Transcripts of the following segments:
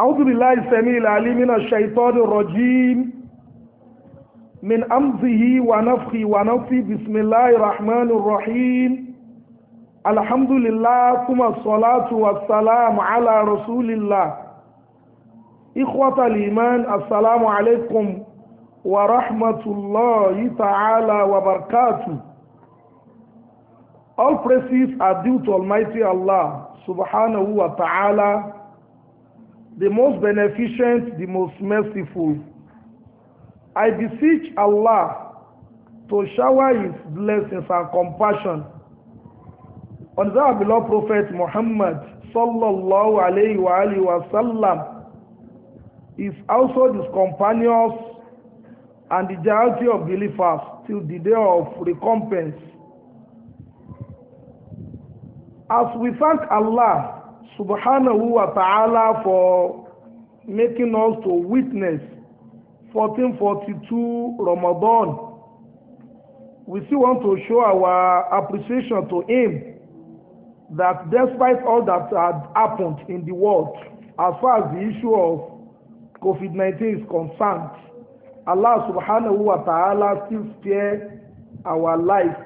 أعوذ بالله السميع العليم من الشيطان الرجيم من أمزه ونفخه ونفخه بسم الله الرحمن الرحيم الحمد لله ثم الصلاة والسلام على رسول الله إخوة الإيمان السلام عليكم ورحمة الله تعالى وبركاته All praises are due to Almighty Allah سبحانه وتعالى the most beneficent, the most merciful. I beseech Allah to shower His blessings and compassion on the beloved Prophet Muhammad sallallahu alayhi wa alayhi wa sallam, his household, his companions, and the majority of believers till the day of recompense. As we thank Allah subhanahu wa ta'ala for making us to witness 1442 Ramadan. We still want to show our appreciation to him that despite all that had happened in the world, as far as the issue of COVID-19 is concerned, Allah subhanahu wa ta'ala still spare our life.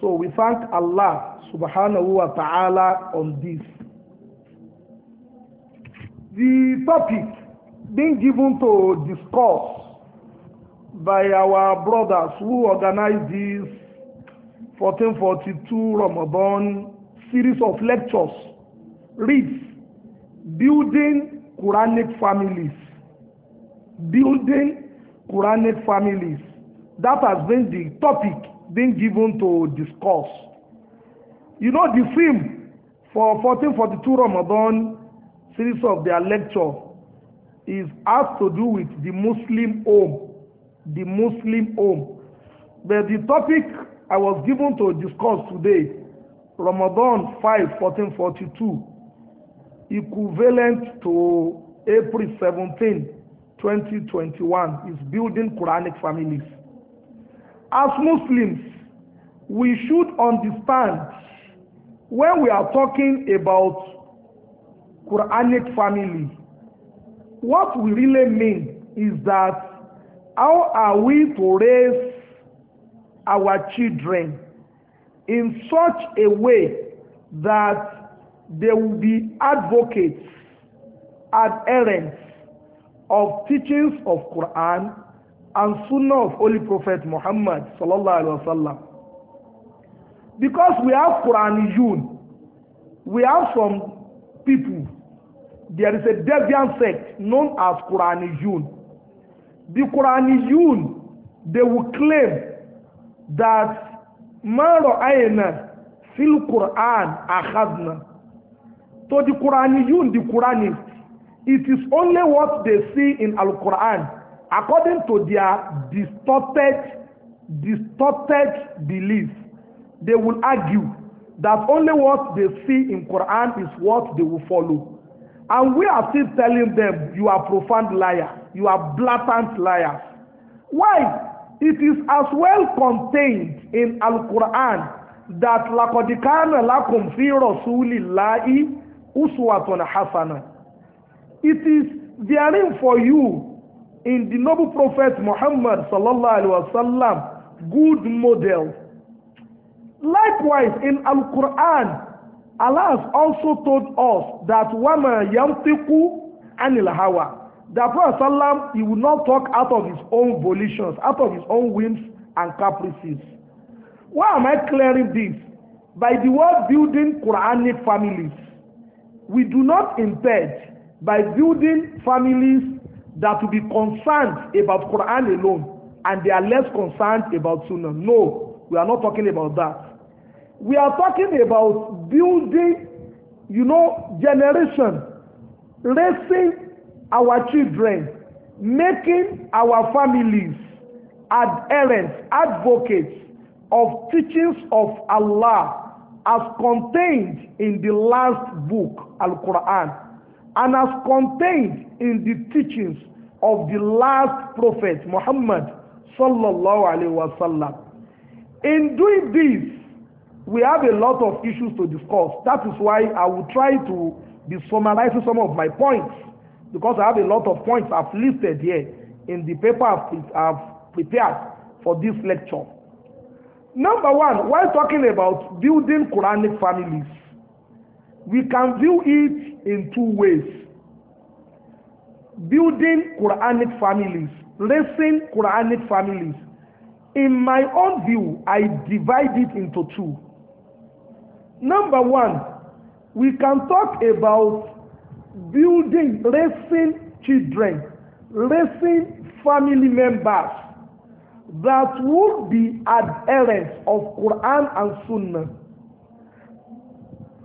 So we thank Allah subhanahu wa ta'ala on this. The topic being given to discuss by our brothers who organized this 1442 Ramadan series of lectures reads Building Quranic Families. Building Quranic Families. That has been the topic being given to discuss. You know, the theme for 1442 Ramadan series of their lecture is has to do with the Muslim home. The Muslim home. But the topic I was given to discuss today, Ramadan 5, 1442, equivalent to April 17, 2021, is building Quranic families. As Muslims, we should understand when we are talking about Quranic family. What we really mean is that how are we to raise our children in such a way that they will be advocates, adherents of teachings of Quran and Sunnah of Holy Prophet Muhammad sallallahu alaihi wasallam. Because we have Quraniyun, we have some people there is a deviant sect known as Quraniyun. The Quraniyun, they will claim that man aina fil Quran akhadna. So the Quraniyun, the Quranists, it is only what they see in Al-Quran according to their distorted, distorted belief. They will argue that only what they see in Quran is what they will follow. And we are still telling them, you are profound liar. You are blatant liars. Why? It is as well contained in Al-Quran that لَقَدِكَانَ لَكُمْ فِي رَسُولِ اللَّهِ أُسْوَةٌ حَسَنَةٌ It is therein for you in the noble prophet Muhammad sallallahu alaihi wasallam good model. Likewise in Al-Quran Allah has also told us that وَمَا يَمْتِقُ عَنِ hawa The Prophet Sallam, he will not talk out of his own volitions, out of his own whims and caprices. Why am I clearing this? By the word building Quranic families. We do not intend by building families that will be concerned about Quran alone and they are less concerned about Sunnah. No, we are not talking about that we are talking about building, you know, generation, raising our children, making our families adherents, advocates of teachings of Allah as contained in the last book, Al-Quran, and as contained in the teachings of the last prophet, Muhammad sallallahu alaihi wasallam. In doing this, we have a lot of issues to discuss. That is why I will try to be summarizing some of my points because I have a lot of points I've listed here in the paper I've prepared for this lecture. Number one, while talking about building Quranic families, we can view it in two ways. Building Quranic families, raising Quranic families. In my own view, I divide it into two. Number one, we can talk about building, raising children, raising family members that would be adherents of Quran and Sunnah.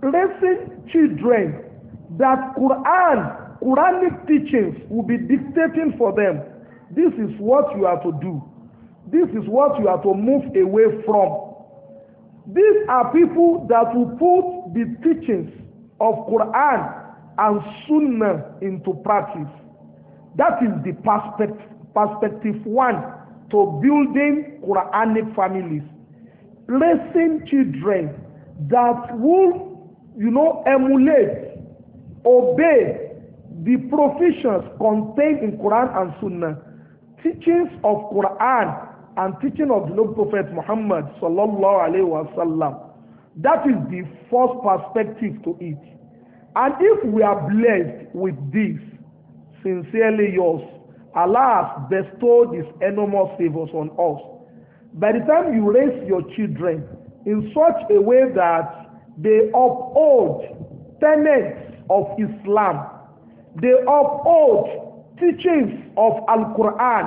Raising children that Quran, Quranic teachings will be dictating for them. This is what you are to do. This is what you are to move away from. These are people that will put the teachings of Quran and Sunnah into practice. That is the perspective, perspective one to building Quranic families. Raising children that will, you know, emulate, obey the provisions contained in Quran and Sunnah. Teachings of Quran and teaching of the Lord Prophet Muhammad sallallahu alaihi wasallam. That is the first perspective to it. And if we are blessed with this, sincerely yours, Allah has bestowed His enormous favors on us. By the time you raise your children in such a way that they uphold tenets of Islam, they uphold teachings of Al Quran,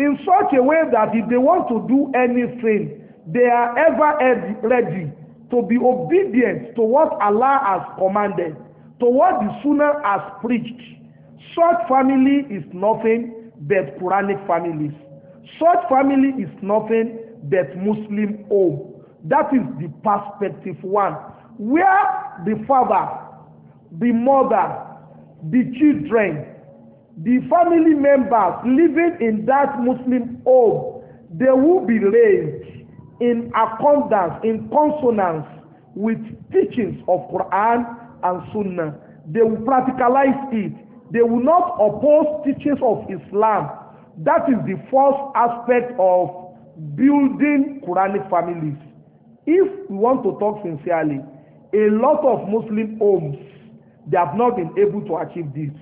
in such a way that if they want to do anything, they are ever ready to be obedient to what Allah has commanded, to what the Sunnah has preached. Such family is nothing but Quranic families. Such family is nothing but Muslim home. That is the perspective one, where the father, the mother, the children, the family members living in that Muslim home, they will be raised in accordance, in consonance with teachings of Quran and Sunnah. They will practicalize it. They will not oppose teachings of Islam. That is the first aspect of building Quranic families. If we want to talk sincerely, a lot of Muslim homes, they have not been able to achieve this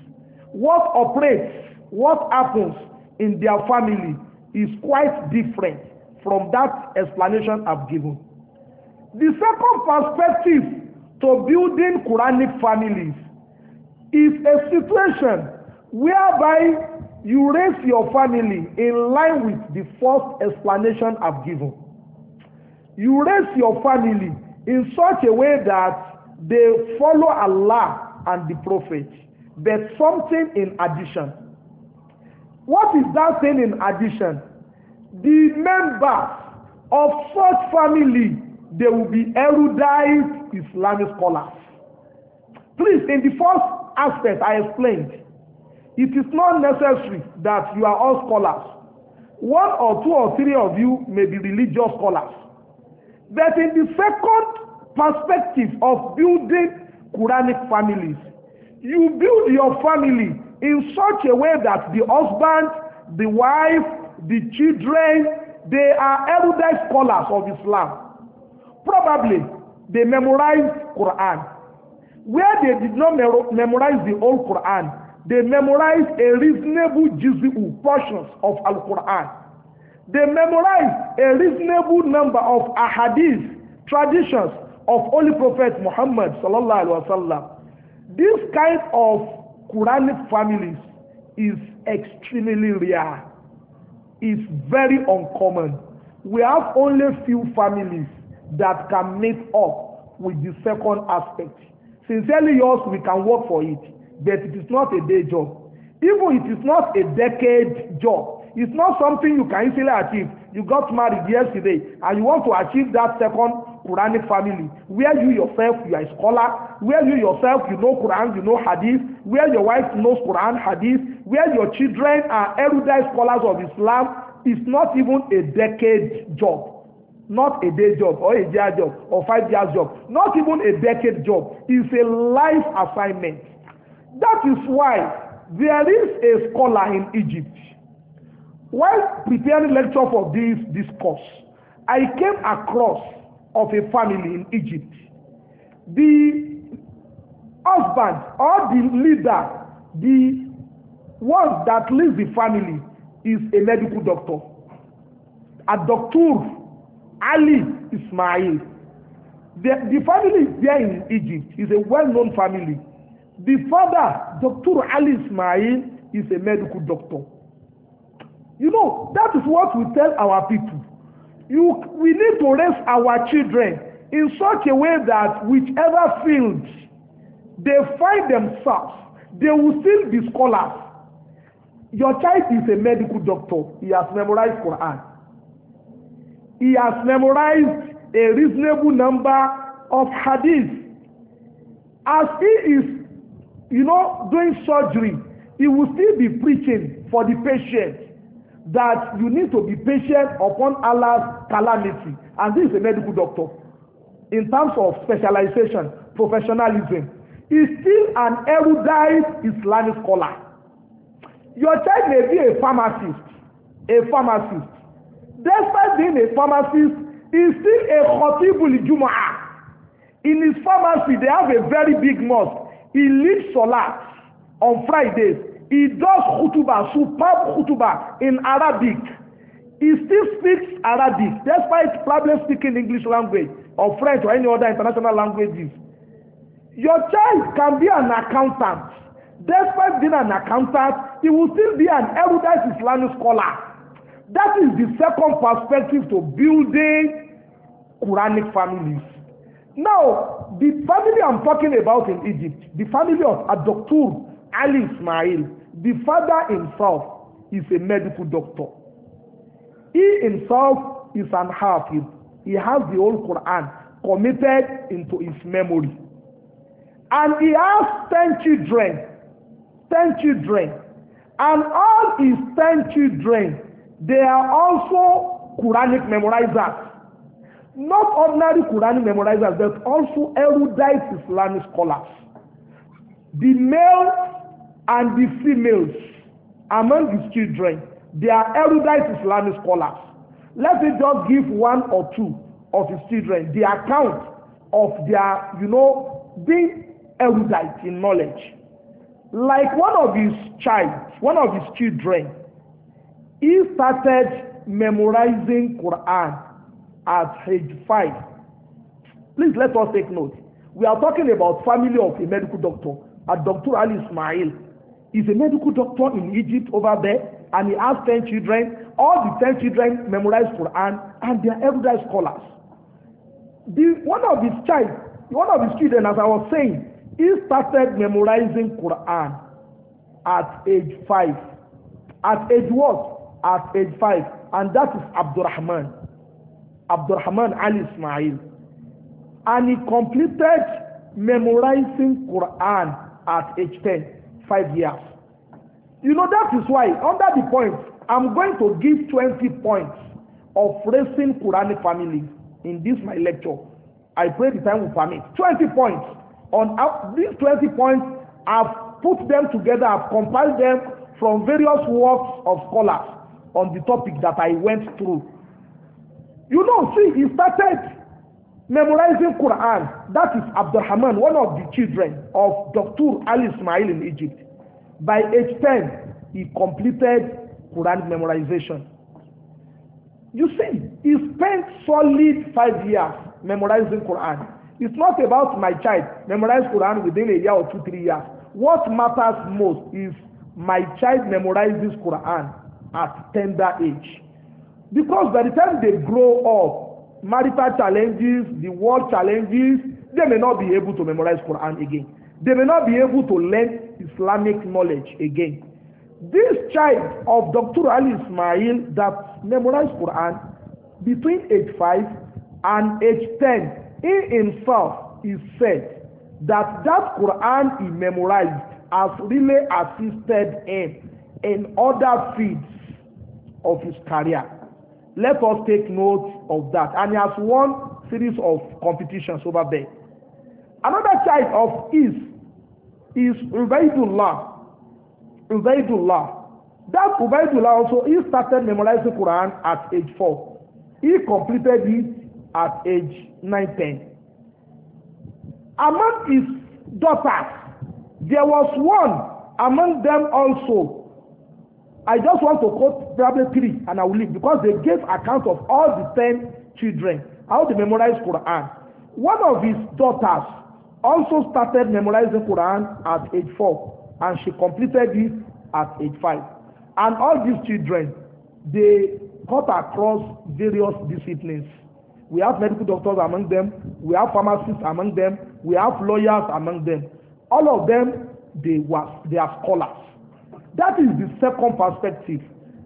what operates, what happens in their family is quite different from that explanation I've given. The second perspective to building Quranic families is a situation whereby you raise your family in line with the first explanation I've given. You raise your family in such a way that they follow Allah and the Prophet but something in addition. What is that thing in addition? The members of such family, they will be erudite Islamic scholars. Please, in the first aspect I explained, it is not necessary that you are all scholars. One or two or three of you may be religious scholars. But in the second perspective of building Quranic families, you build your family in such a way that the husband, the wife, the children, they are erudite scholars of Islam. Probably they memorize Quran. Where they did not memorize the whole Quran, they memorize a reasonable juz'u portions of Al-Quran. They memorize a reasonable number of ahadith traditions of Holy Prophet Muhammad sallallahu alaihi wasallam. This kind of Quranic families is extremely rare. It's very uncommon. We have only few families that can meet up with the second aspect. Sincerely yours, we can work for it, but it is not a day job. Even it is not a decade job. It's not something you can easily achieve. You got married yesterday and you want to achieve that second Quranic family where you yourself you are a scholar where you yourself you know Quran you know Hadith where your wife knows Quran Hadith where your children are erudite scholars of Islam is not even a decade job not a day job or a year job or five years job not even a decade job it's a life assignment that is why there is a scholar in Egypt while preparing lecture for this this course I came across of a family in Egypt. The husband or the leader, the one that leads the family is a medical doctor. A doctor, Ali Ismail. The, the family there in Egypt is a well-known family. The father, Doctor Ali Ismail, is a medical doctor. You know, that is what we tell our people you, we need to raise our children in such a way that whichever field they find themselves, they will still be scholars. Your child is a medical doctor. He has memorized Quran. He has memorized a reasonable number of hadith. As he is, you know, doing surgery, he will still be preaching for the patient that you need to be patient upon Allah's calamity. And this is a medical doctor. In terms of specialization, professionalism, he's still an erudite Islamic scholar. Your child may be a pharmacist. A pharmacist. Despite being a pharmacist, he's still a Khatibul Jumu'ah. In his pharmacy, they have a very big mosque. He leads Salat on Fridays. He does khutbah, superb khutbah in Arabic. He still speaks Arabic, despite probably speaking English language or French or any other international languages. Your child can be an accountant. Despite being an accountant, he will still be an erudite Islamic scholar. That is the second perspective to building Quranic families. Now, the family I'm talking about in Egypt, the family of Adoktur Ali Ismail, The father himself is a medical doctor. He himself is an hafiz. He has the whole Quran committed into his memory. And he has ten children. ten children. And all his ten children, they are also Quranic memorizers. Not ordinary Quranic memorizers, but also erudite Islamic scholars. The male and the females among his children, they are erudite Islamic scholars. Let me just give one or two of his children the account of their, you know, being erudite in knowledge. Like one of his child, one of his children, he started memorizing Quran at age five. Please let us take note. We are talking about family of a medical doctor, a Doctor Ali Ismail. He's a medical doctor in Egypt over there and he has ten children. All the ten children memorize Quran and they are everyday scholars. The, one of his child, one of his children, as I was saying, he started memorizing Quran at age five. At age what? At age five, And that is Abdurrahman. Abdurrahman Ali Ismail. And he completed memorizing Quran at age ten five years. You know, that is why, under the point, I'm going to give 20 points of raising Qurani families in this my lecture. I pray the time will permit. 20 points. On uh, these 20 points, I've put them together, I've compiled them from various works of scholars on the topic that I went through. You know, see, he started memorizing Quran, that is Abdurrahman, one of the children of Dr. Ali Ismail in Egypt. By age 10, he completed Quran memorization. You see, he spent solid five years memorizing Quran. It's not about my child memorize Quran within a year or two, three years. What matters most is my child memorizes Quran at tender age. Because by the time they grow up, marital challenges, the world challenges, they may not be able to memorize Quran again. They may not be able to learn Islamic knowledge again. This child of Dr. Ali Ismail that memorized Quran between age five and age ten, he himself is said that that Quran he memorized has really assisted him in other fields of his career let us take note of that. And he has won series of competitions over there. Another child of his is Ubaidullah. Ubaidullah. That Ubaidullah also, he started memorizing Quran at age four. He completed it at age 9, 10. Among his daughters, there was one among them also I just want to quote probably three and I will leave because they gave account of all the ten children, how they memorized Quran. One of his daughters also started memorizing Quran at age four and she completed it at age five. And all these children, they cut across various disciplines. We have medical doctors among them, we have pharmacists among them, we have lawyers among them. All of them, they, were, they are scholars. That is the second perspective.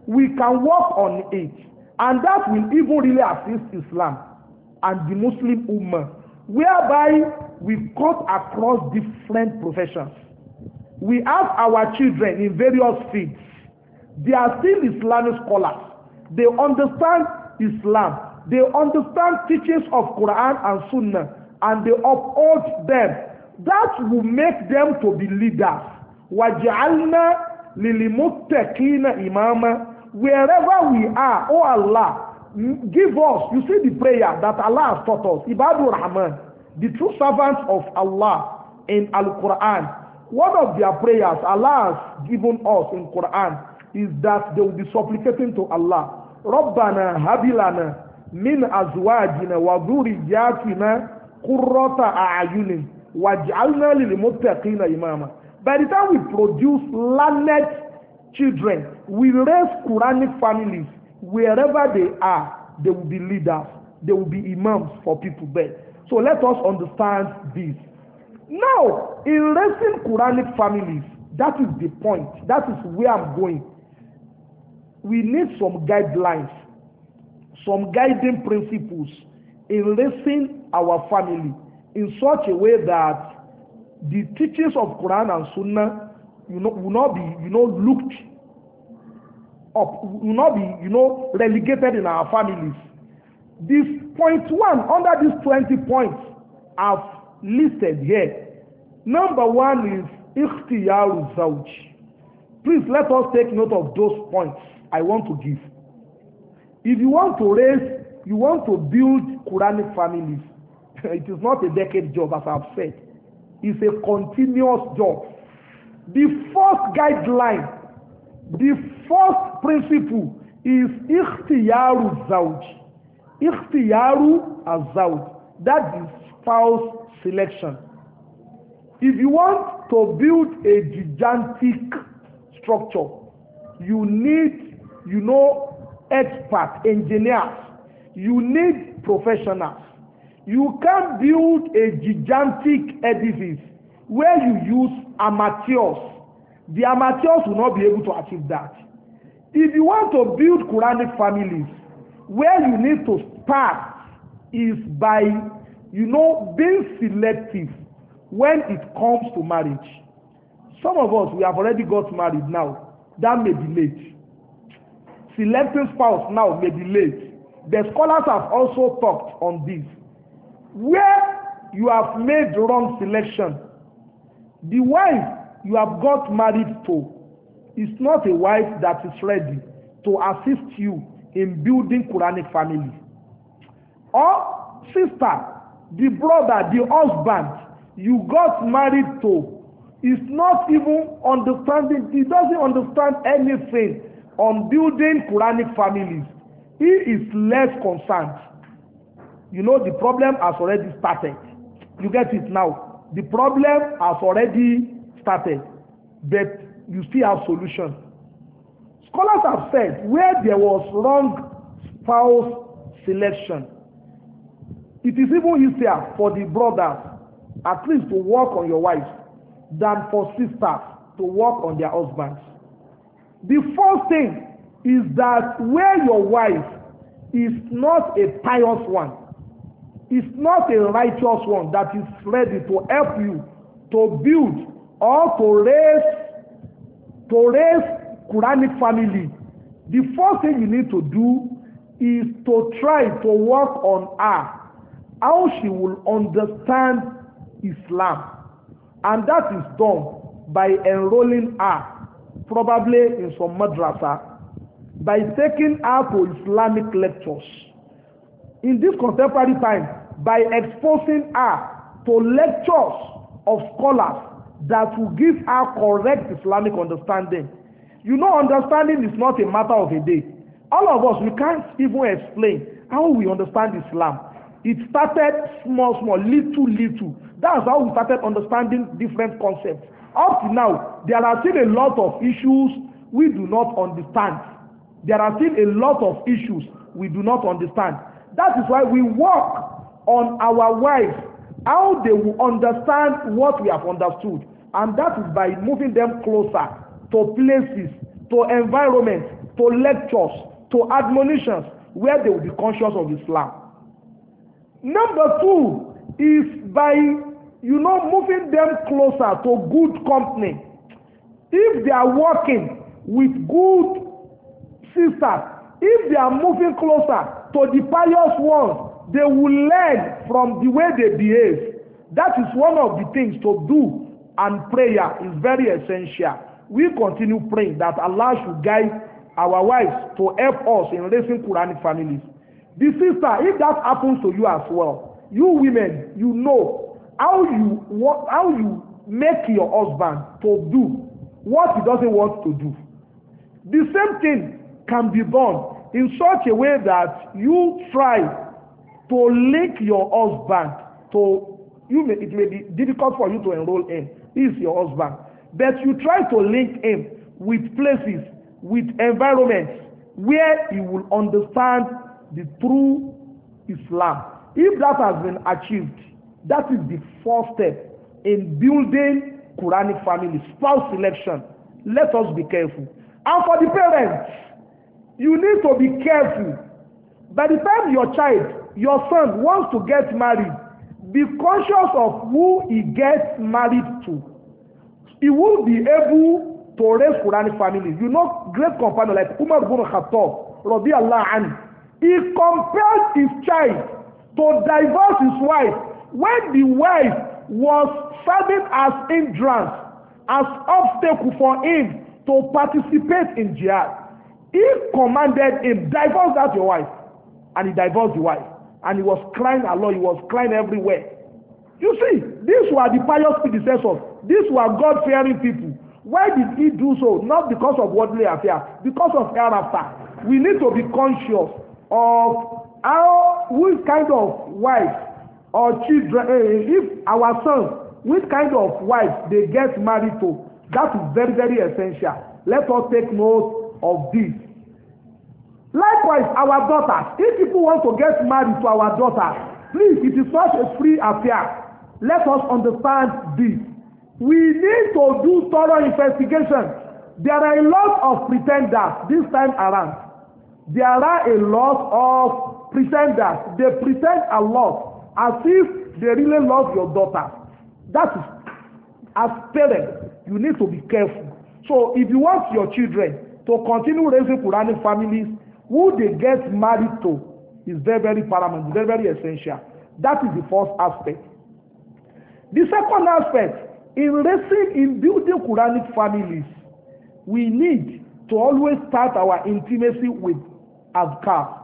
We can work on it, and that will even really assist Islam and the Muslim Ummah, whereby we cut across different professions. We have our children in various fields. They are still Islamic scholars. They understand Islam. They understand teachings of Quran and Sunnah, and they uphold them. That will make them to be leaders. وَجَعَلْنَا lilimutekina imama wherever we are oh allah give us you see the prayer that allah has taught us ibadu rahman the true servants of allah in al-quran one of their prayers allah has given us in quran is that they will be supplicating to allah rabbana habilana min azwajina wa dhurriyyatina qurrata a'yunin waj'alna lil muttaqina imama By the time we produce learned children, we raise Quranic families wherever they are, they will be leaders, they will be imams for people there. So let us understand this. Now, in raising Quranic families, that is the point. That is where I'm going. We need some guidelines, some guiding principles in raising our family in such a way that the teachings of Quran and Sunnah you know, will not be you know looked up will not be you know relegated in our families. This point one under these 20 points I've listed here. Number one is ikhtiyaru zawj. Please let us take note of those points I want to give. If you want to raise, you want to build Quranic families, it is not a decade job as I've said is a continuous job. The first guideline, the first principle is ikhtiyaru zawj. Ikhtiyaru azauj. That is spouse selection. If you want to build a gigantic structure, you need, you know, experts, engineers. You need professionals. You can build a gigantic edifice where you use amateurs. The amateurs will not be able to achieve that. If you want to build Quranic families, where you need to start is by, you know, being selective when it comes to marriage. Some of us, we have already got married now. That may be late. Selecting spouse now may be late. The scholars have also talked on this where you have made wrong selection the wife you have got married to is not a wife that is ready to assist you in building Quranic family or sister the brother the husband you got married to is not even understanding he doesn't understand anything on building Quranic families he is less concerned you know the problem has already started you get it now the problem has already started but you still have solution scholars have said where there was wrong spouse selection it is even easier for the brothers at least to work on your wife than for sisters to work on their husbands the first thing is that where your wife is not a pious one is not a righteous one that is ready to help you to build or to raise to raise Quranic family. The first thing you need to do is to try to work on her how she will understand Islam and that is done by enrolling her probably in some madrasa by taking her to Islamic lectures. In this contemporary time by exposing her to lectures of scholars that will give her correct Islamic understanding. You know, understanding is not a matter of a day. All of us, we can't even explain how we understand Islam. It started small, small, little, little. That's how we started understanding different concepts. Up to now, there are still a lot of issues we do not understand. There are still a lot of issues we do not understand. That is why we work on our wives how they will understand what we have understood and that is by moving them closer to places to environments to lectures to admonitions where they will be conscious of Islam number two is by you know moving them closer to good company if they are working with good sisters if they are moving closer to the pious ones they will learn from the way they behave. That is one of the things to do, and prayer is very essential. We continue praying that Allah should guide our wives to help us in raising Quranic families. The sister, if that happens to you as well, you women, you know how you what how you make your husband to do what he doesn't want to do. The same thing can be done in such a way that you try to link your husband to you may it may be difficult for you to enroll him he is your husband but you try to link him with places with environments where he will understand the true Islam if that has been achieved that is the first step in building Quranic family spouse selection let us be careful and for the parents you need to be careful by the time your child your son wants to get married be conscious of who he gets married to he will be able to raise Quranic family you know great companion like Umar bin Khattab Rabi Allah an he compelled his child to divorce his wife when the wife was serving as hindrance as obstacle for him to participate in jihad he commanded him divorce that your wife and he divorced the wife and he was crying a He was crying everywhere. You see, these were the pious predecessors. These were God-fearing people. Why did he do so? Not because of worldly affairs, because of hereafter. We need to be conscious of how, which kind of wife or children, eh, eh, if our sons, which kind of wife they get married to. That is very, very essential. Let us take note of this. Likewise, our daughter. if people want to get married to our daughter, please, it is not a free affair. Let us understand this. We need to do thorough investigation. There are a lot of pretenders this time around. There are a lot of pretenders. They pretend a lot as if they really love your daughter. That is, as parents, you need to be careful. So if you want your children to continue raising Quranic families, who they get married to is very, very paramount, very, very essential. That is the first aspect. The second aspect, in raising, in building Quranic families, we need to always start our intimacy with Azkar.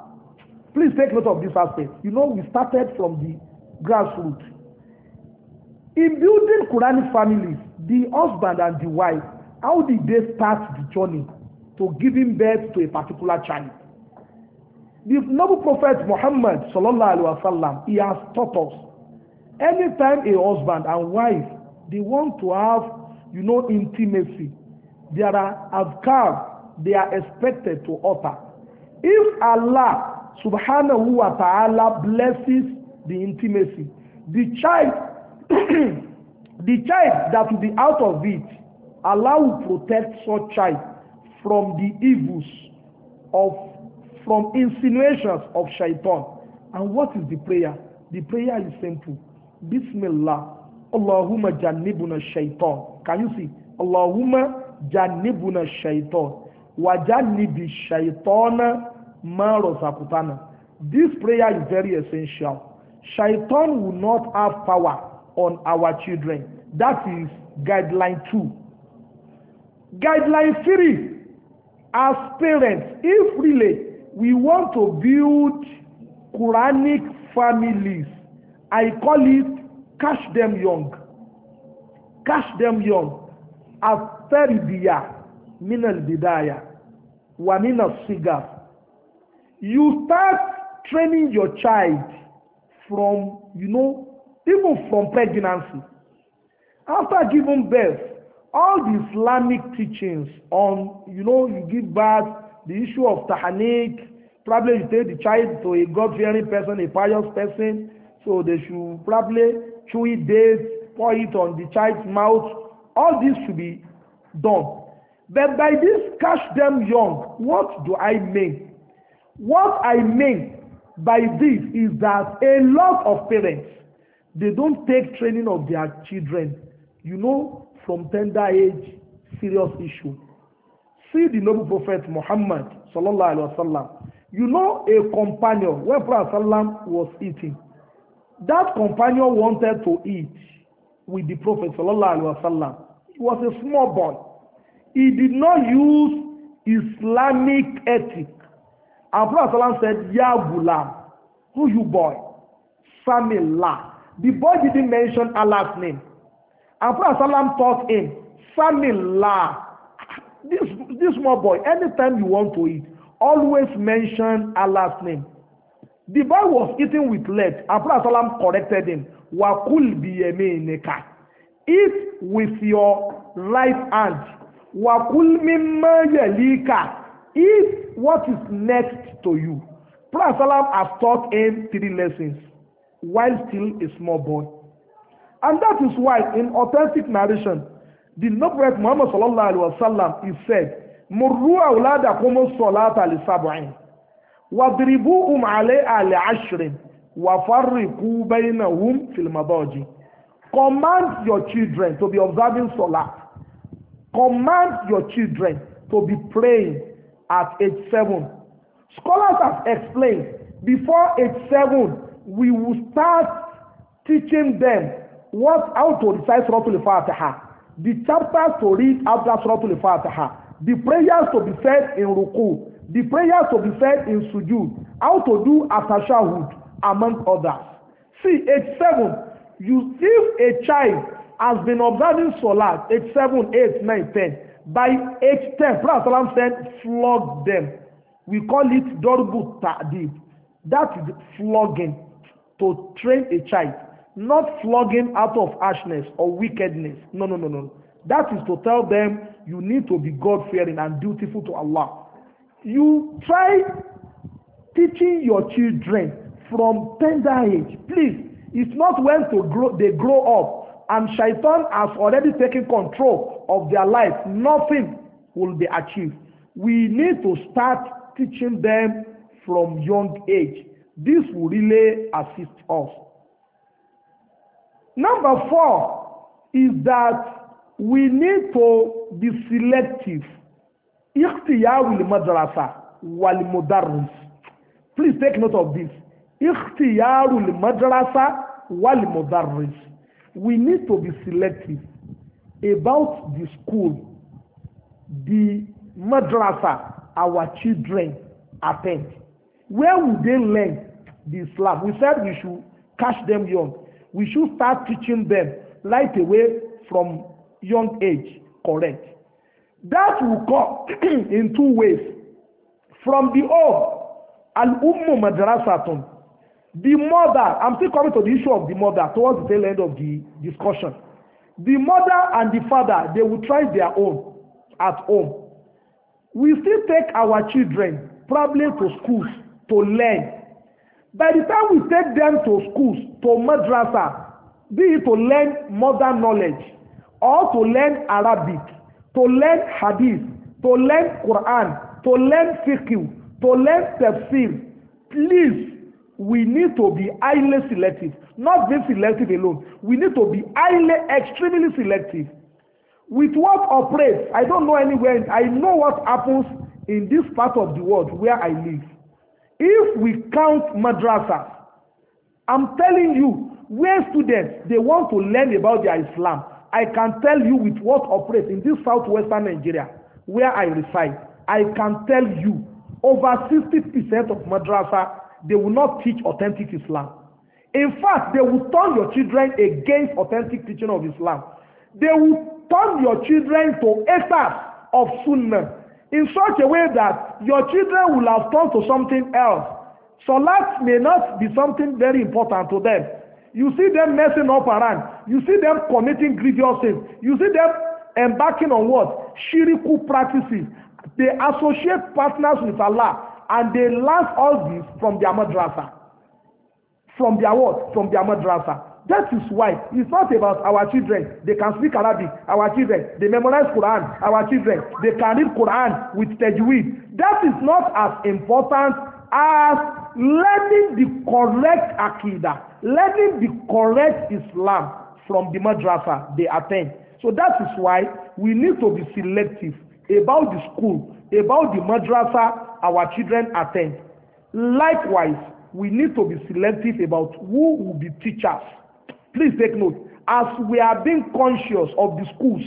Please take note of this aspect. You know, we started from the grassroots. In building Quranic families, the husband and the wife, how did they start the journey to giving birth to a particular child? The noble prophet Muhammad sallallahu alaihi wasallam, he has taught us. Anytime a husband and wife, they want to have, you know, intimacy, there are avkar, they are expected to utter. If Allah subhanahu wa ta'ala blesses the intimacy, the child, the child that will be out of it, Allah will protect such child from the evils of from insinuations of shaitan. And what is the prayer? The prayer is simple. Bismillah. Allahumma janibuna shaitan. Can you see? Allahumma janibuna shaitan. Wa jannibi shaitana ma razaqtana. This prayer is very essential. Shaitan will not have power on our children. That is guideline two. Guideline three, as parents, if really we want to build Quranic families. I call it catch them young. Catch them young. Aferidiya min al-bidaya wa min al You start training your child from, you know, even from pregnancy. After giving birth, all the Islamic teachings on, you know, you give birth, the issue of tahanik, probably you take the child to a God-fearing person, a pious person, so they should probably chew it dead, pour it on the child's mouth. All this should be done. But by this, catch them young. What do I mean? What I mean by this is that a lot of parents, they don't take training of their children, you know, from tender age, serious issue. See the noble prophet Muhammad sallallahu alaihi wasallam. You know a companion when Prophet sallam was eating. That companion wanted to eat with the Prophet sallallahu alaihi wasallam. He was a small boy. He did not use Islamic ethic. And Prophet sallam said, Ya gulam, who you boy? Samila. The boy didn't mention Allah's name. And Prophet sallam taught him, Samila this this small boy anytime you want to eat always mention Allah's name the boy was eating with lead and prophet salam corrected him wakul biyeminika eat with your right hand wakul mimma yelika eat what is next to you prophet salam has taught him three lessons while still a small boy and that is why in authentic narration The Prophet Muhammad sallallahu alaihi wasallam, he said, Murru awladakum salata li sab'in, wadribuhum alayha li ashrin, wa farriqu bainahum fil madaji. Command your children to be observing salah. Command your children to be praying at age seven. Scholars have explained before age seven, we will start teaching them what how to recite Surah Al-Fatiha the chapters to read after Surah Suratul Fatiha, the prayers to be said in ruku, the prayers to be said in sujud, how to do atashahud, among others. See, age seven. you, if a child has been observing salat, age seven eight nine ten by age ten. Prophet Salam said, flog them. We call it dorbu ta'dib. That is flogging, to train a child not flogging out of harshness or wickedness. No, no, no, no. That is to tell them you need to be God fearing and dutiful to Allah. You try teaching your children from tender age. Please, it's not when to grow, they grow up and shaitan has already taken control of their life. Nothing will be achieved. We need to start teaching them from young age. This will really assist us. Number four is that we need to be selective. Ikhtiyawil madrasa wal mudarris. Please take note of this. Ikhtiyarul madrasa wal mudarris. We need to be selective about the school, the madrasa our children attend. Where will they learn the Islam? We said we should catch them young we should start teaching them right away from young age, correct? That will come in two ways. From the home, al-ummu madrasatun, the mother, I'm still coming to the issue of the mother towards the tail end of the discussion. The mother and the father, they will try their own at home. We still take our children probably to schools to learn By the time we take them to schools, to madrasa, be it to learn modern knowledge, or to learn Arabic, to learn Hadith, to learn Quran, to learn fiqh, to learn tafsir, please, we need to be highly selective. Not being selective alone. We need to be highly, extremely selective. With what operates, I don't know anywhere. I know what happens in this part of the world where I live If we count madrasa, I'm telling you, where students, they want to learn about their Islam, I can tell you with what operates in this southwestern Nigeria, where I reside, I can tell you over 60% of madrasa, they will not teach authentic Islam. In fact, they will turn your children against authentic teaching of Islam. They will turn your children to haters of Sunnah in such a way that your children will have turned to something else. Salat may not be something very important to them. You see them messing up around. You see them committing grievous sins. You see them embarking on what? Shiriku practices. They associate partners with Allah and they learn all this from their madrasa. From their what? From their madrasa. That is why it's not about our children. They can speak Arabic. Our children, they memorize Quran. Our children, they can read Quran with tajweed. That is not as important as learning the correct Akida, learning the correct Islam from the madrasa they attend. So that is why we need to be selective about the school, about the madrasa our children attend. Likewise, we need to be selective about who will be teachers Please take note. As we are being conscious of the schools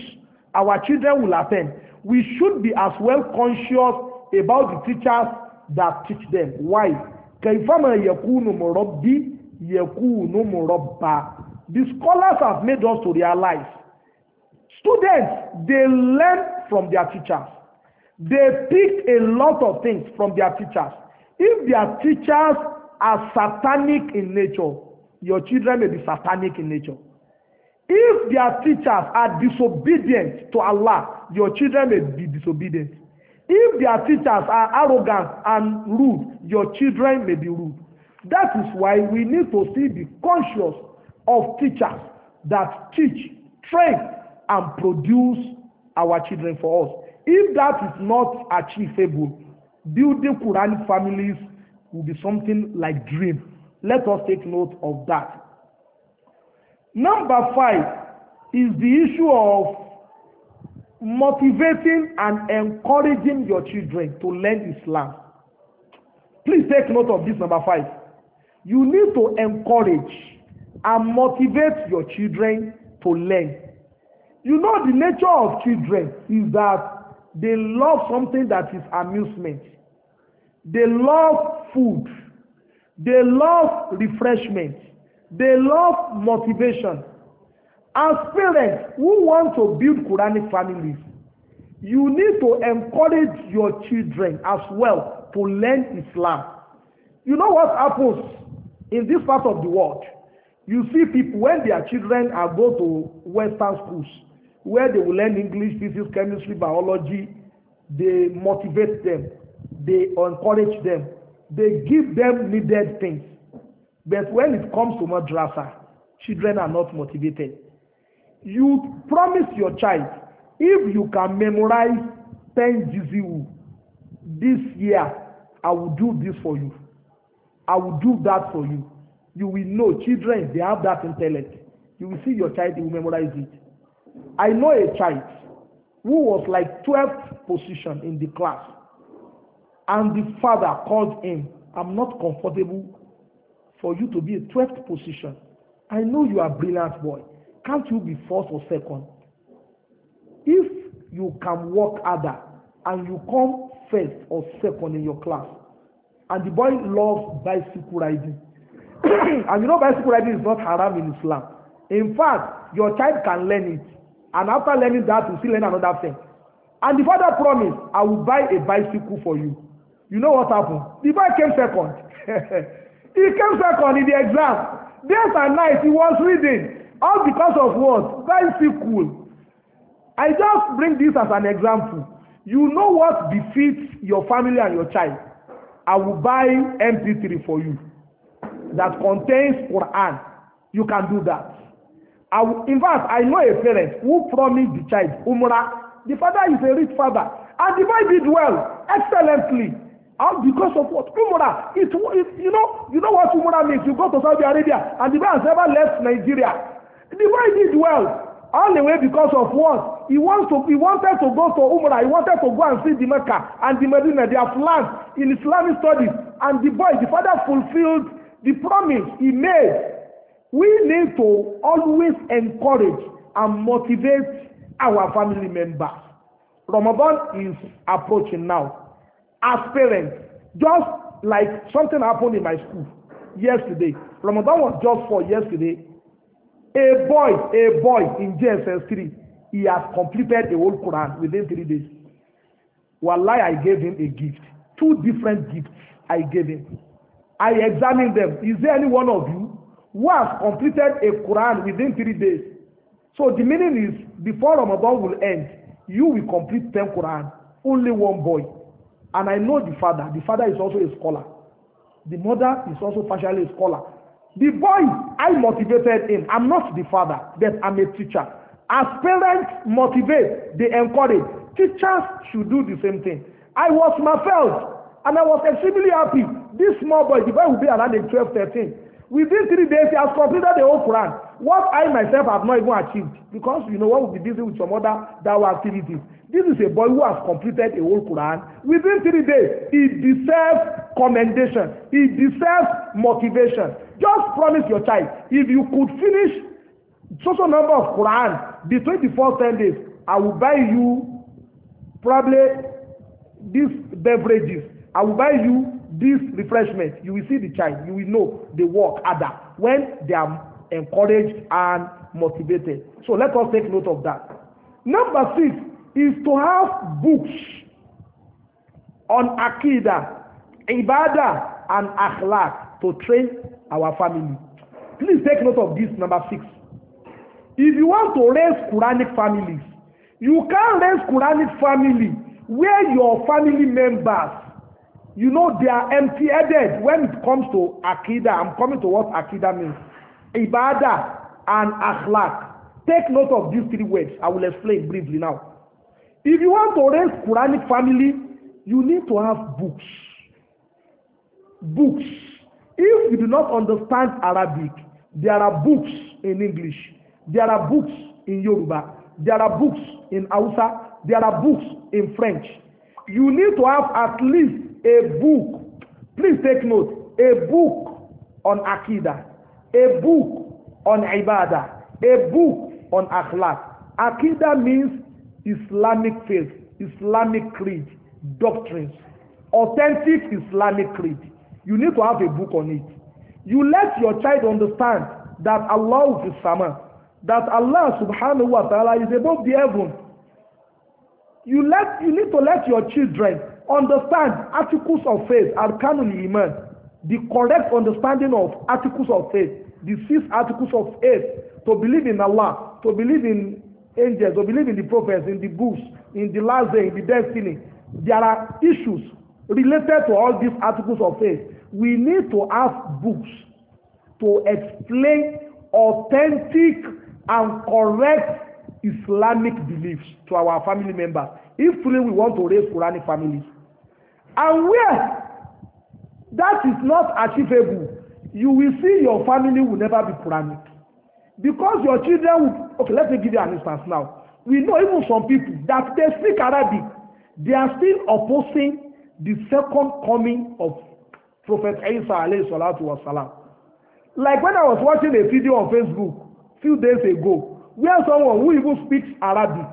our children will attend, we should be as well conscious about the teachers that teach them. Why? Kaifama yakunu murabbi yakunu murabba. The scholars have made us to realize students, they learn from their teachers. They pick a lot of things from their teachers. If their teachers are satanic in nature, your children may be satanic in nature. If their teachers are disobedient to Allah, your children may be disobedient. If their teachers are arrogant and rude, your children may be rude. That is why we need to still be conscious of teachers that teach, train, and produce our children for us. If that is not achievable, building Quranic families will be something like dream. Let us take note of that. Number five is the issue of motivating and encouraging your children to learn Islam. Please take note of this number five. You need to encourage and motivate your children to learn. You know, the nature of children is that they love something that is amusement, they love food They love refreshment. They love motivation. As parents who want to build Quranic families, you need to encourage your children as well to learn Islam. You know what happens in this part of the world? You see people when their children are go to Western schools, where they will learn English, physics, chemistry, biology, they motivate them, they encourage them They give them needed things. But when it comes to madrasa, children are not motivated. You promise your child, if you can memorize 10 GZU this year, I will do this for you. I will do that for you. You will know children, they have that intellect. You will see your child, you will memorize it. I know a child who was like 12th position in the class And the father called him, I'm not comfortable for you to be a 12th position. I know you are brilliant boy. Can't you be first or second? If you can work harder and you come first or second in your class, and the boy loves bicycle riding, and you know bicycle riding is not haram in Islam. In fact, your child can learn it. And after learning that, you still learn another thing. And the father promised, I will buy a bicycle for you. You know what happened? The boy came second. he came second in the exam. Days and nights he was reading. All because of what? Bicycle. I just bring this as an example. You know what defeats your family and your child? I will buy MP3 for you that contains Quran. You can do that. I will, in fact, I know a parent who promised the child Umrah. The father is a rich father. And the boy did well, excellently. All because of what? Umrah. It, it, you, know, you know what Umrah means? You go to Saudi Arabia and the man has never left Nigeria. The boy did well. All the way because of what? He wants to he wanted to go to Umrah, he wanted to go and see the Mecca and the Medina, their plans in Islamic studies. And the boy, the father fulfilled the promise he made. We need to always encourage and motivate our family members. Ramadan is approaching now. As parents, just like something happened in my school yesterday, Ramadan was just for yesterday. A boy, a boy in JSS three, he has completed a whole Quran within three days. Wallahi, I gave him a gift. Two different gifts I gave him. I examined them. Is there any one of you who has completed a Quran within three days? So the meaning is, before Ramadan will end, you will complete ten Quran. Only one boy. And I know the father. The father is also a scholar. The mother is also partially a scholar. The boy, I motivated him. I'm not the father, but I'm a teacher. As parents motivate, they encourage. Teachers should do the same thing. I was myself, and I was extremely happy. This small boy, the boy will be around age twelve, thirteen. Within three days, he has completed the whole Quran. What I myself have not even achieved. Because, you know, I will be busy with some other dawa activities. This is a boy who has completed a whole Quran within three days. He deserves commendation. He deserves motivation. Just promise your child, if you could finish social number of Quran between the first ten days, I will buy you probably these beverages. I will buy you this refreshment. You will see the child. You will know the work harder when they are encouraged and motivated. So let us take note of that. Number six, is to have books on Akida, Ibadah, and Akhlaq to train our family. Please take note of this number six. If you want to raise Quranic families, you can raise Quranic family where your family members, you know, they are empty-headed when it comes to Akida. I'm coming to what Akida means. Ibadah and Akhlaq. Take note of these three words. I will explain briefly now. If you want to raise Quranic family, you need to have books. Books. If you do not understand Arabic, there are books in English. There are books in Yoruba. There are books in Hausa. There are books in French. You need to have at least a book. Please take note. A book on Akida. A book on Ibadah. A book on Akhlaq. Akida means Islamic faith, Islamic creed, doctrines, authentic Islamic creed. You need to have a book on it. You let your child understand that Allah is the Sama, that Allah subhanahu wa ta'ala is above the heaven. You, let, you need to let your children understand articles of faith, Arkanul Iman, the correct understanding of articles of faith, the six articles of faith, to believe in Allah, to believe in angels or believe in the prophets, in the books, in the last day, in the destiny. There are issues related to all these articles of faith. We need to ask books to explain authentic and correct Islamic beliefs to our family members. If truly we want to raise Quranic families. And where that is not achievable, you will see your family will never be Quranic. Because your children will okay let me give you an instance now we know even some people that they speak Arabic they are still opposing the second coming of Prophet Isa alayhi salatu wasalam like when I was watching a video on Facebook few days ago where someone who even speaks Arabic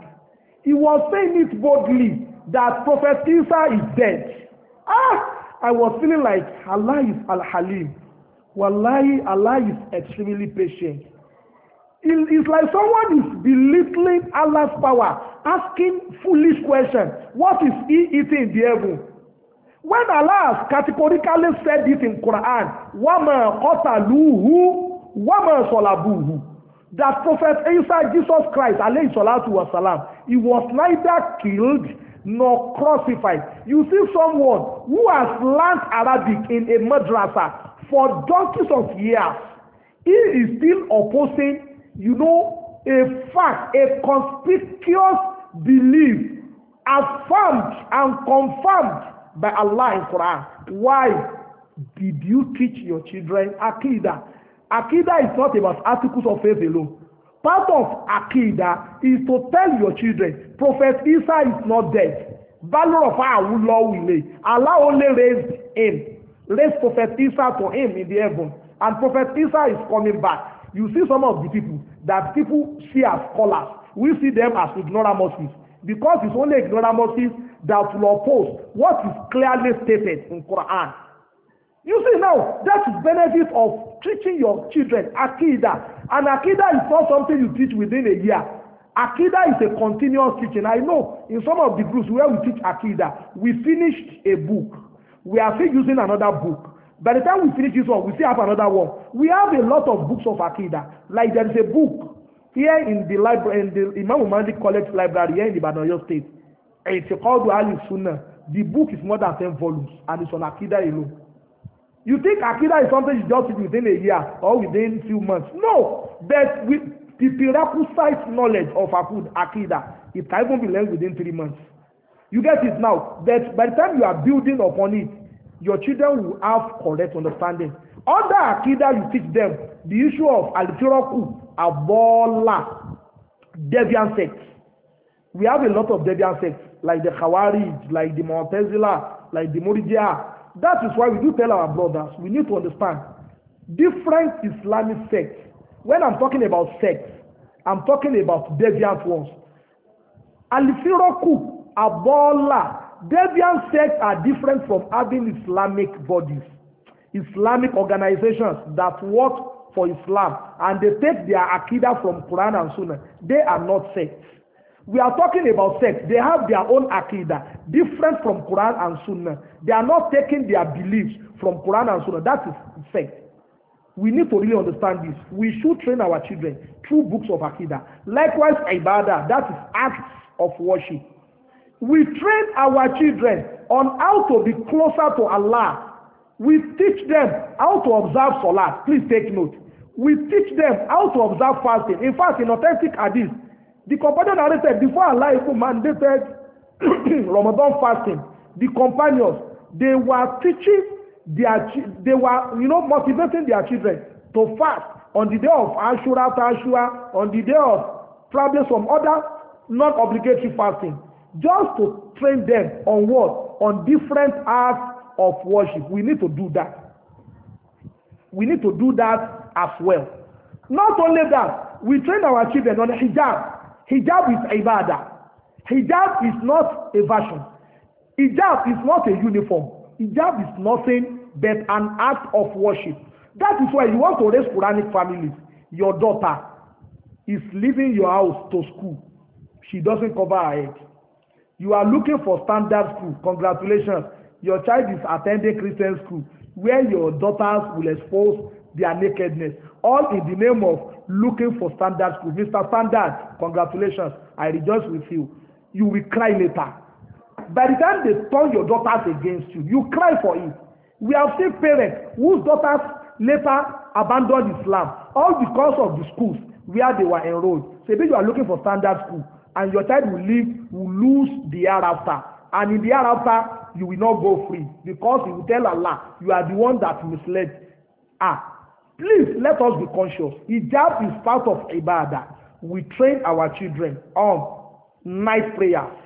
he was saying it boldly that Prophet Isa is dead ah I was feeling like Allah is Al-Halim wallahi Allah is extremely patient it's like someone is belittling Allah's power, asking foolish questions. What is he eating in the heaven? When Allah categorically said it in Quran, وَمَا قَتَلُوهُ وَمَا صَلَبُوهُ That Prophet inside Jesus Christ, alayhi salatu wasalam, he was neither killed nor crucified. You see someone who has learned Arabic in a madrasa for donkeys of years, he is still opposing you know, a fact, a conspicuous belief affirmed and confirmed by Allah in Quran. Why did you teach your children Akida? Akida is not about articles of faith alone. Part of Akida is to tell your children, Prophet Isa is not dead. Valor of Allah will Allah only raised him. Raised Prophet Isa to him in the heaven. And Prophet Isa is coming back you see some of the people that people see as scholars we see them as ignoramuses because it's only ignoramuses that will oppose what is clearly stated in Quran you see now that is benefit of teaching your children akida and akida is not something you teach within a year akida is a continuous teaching I know in some of the groups where we teach akida we finished a book we are still using another book By the time we finish this one, we still have another one. We have a lot of books of Akida. Like there is a book here in the library, in the Imam Umandi College Library here in the Banoyo State. It's called Ali Sunnah. The book is more than ten volumes and it's on Akida alone. You think Akida is something you just within a year or within few months. No, but with the prerequisite knowledge of Akida, it can even be learned within three months. You get it now. That by the time you are building upon it, your children will have correct understanding. Other akida you teach them, the issue of alitiraku, abola, deviant sects. We have a lot of deviant sects, like the Khawarij, like the Mu'tazila, like the Murji'ah. That is why we do tell our brothers, we need to understand different Islamic sects. When I'm talking about sects, I'm talking about deviant ones. Alifiraku, abola, deviant sects are different from having Islamic bodies, Islamic organizations that work for Islam and they take their akida from Quran and Sunnah. They are not sects. We are talking about sects. They have their own akida, different from Quran and Sunnah. They are not taking their beliefs from Quran and Sunnah. That is sect. We need to really understand this. We should train our children through books of akida. Likewise, ibadah, that is acts of worship. We train our children on how to be closer to Allah. We teach them how to observe Salah. Please take note. We teach them how to observe fasting. In fact, in authentic hadith, the companion narrated before Allah mandated Ramadan fasting, the companions, they were teaching their, they were, you know, motivating their children to fast on the day of Ashura, Ashura, on the day of problems from other non-obligatory fasting just to train them on what? On different acts of worship. We need to do that. We need to do that as well. Not only that, we train our children on hijab. Hijab is ibadah. Hijab is not a version. Hijab is not a uniform. Hijab is nothing but an act of worship. That is why you want to raise Quranic families. Your daughter is leaving your house to school. She doesn't cover her head You are looking for standard school. Congratulations. Your child is attending Christian school where your daughters will expose their nakedness. All in the name of looking for standard school. Mr. Standard, congratulations. I rejoice with you. You will cry later. By the time they turn your daughters against you, you cry for it. We have seen parents whose daughters later abandon Islam, all because of the schools where they were enrolled. Say, so you are looking for standard school and your child will live will lose the hereafter and in the hereafter you will not go free because he will tell Allah you are the one that misled ah please let us be conscious hijab is part of ibadah we train our children on night prayers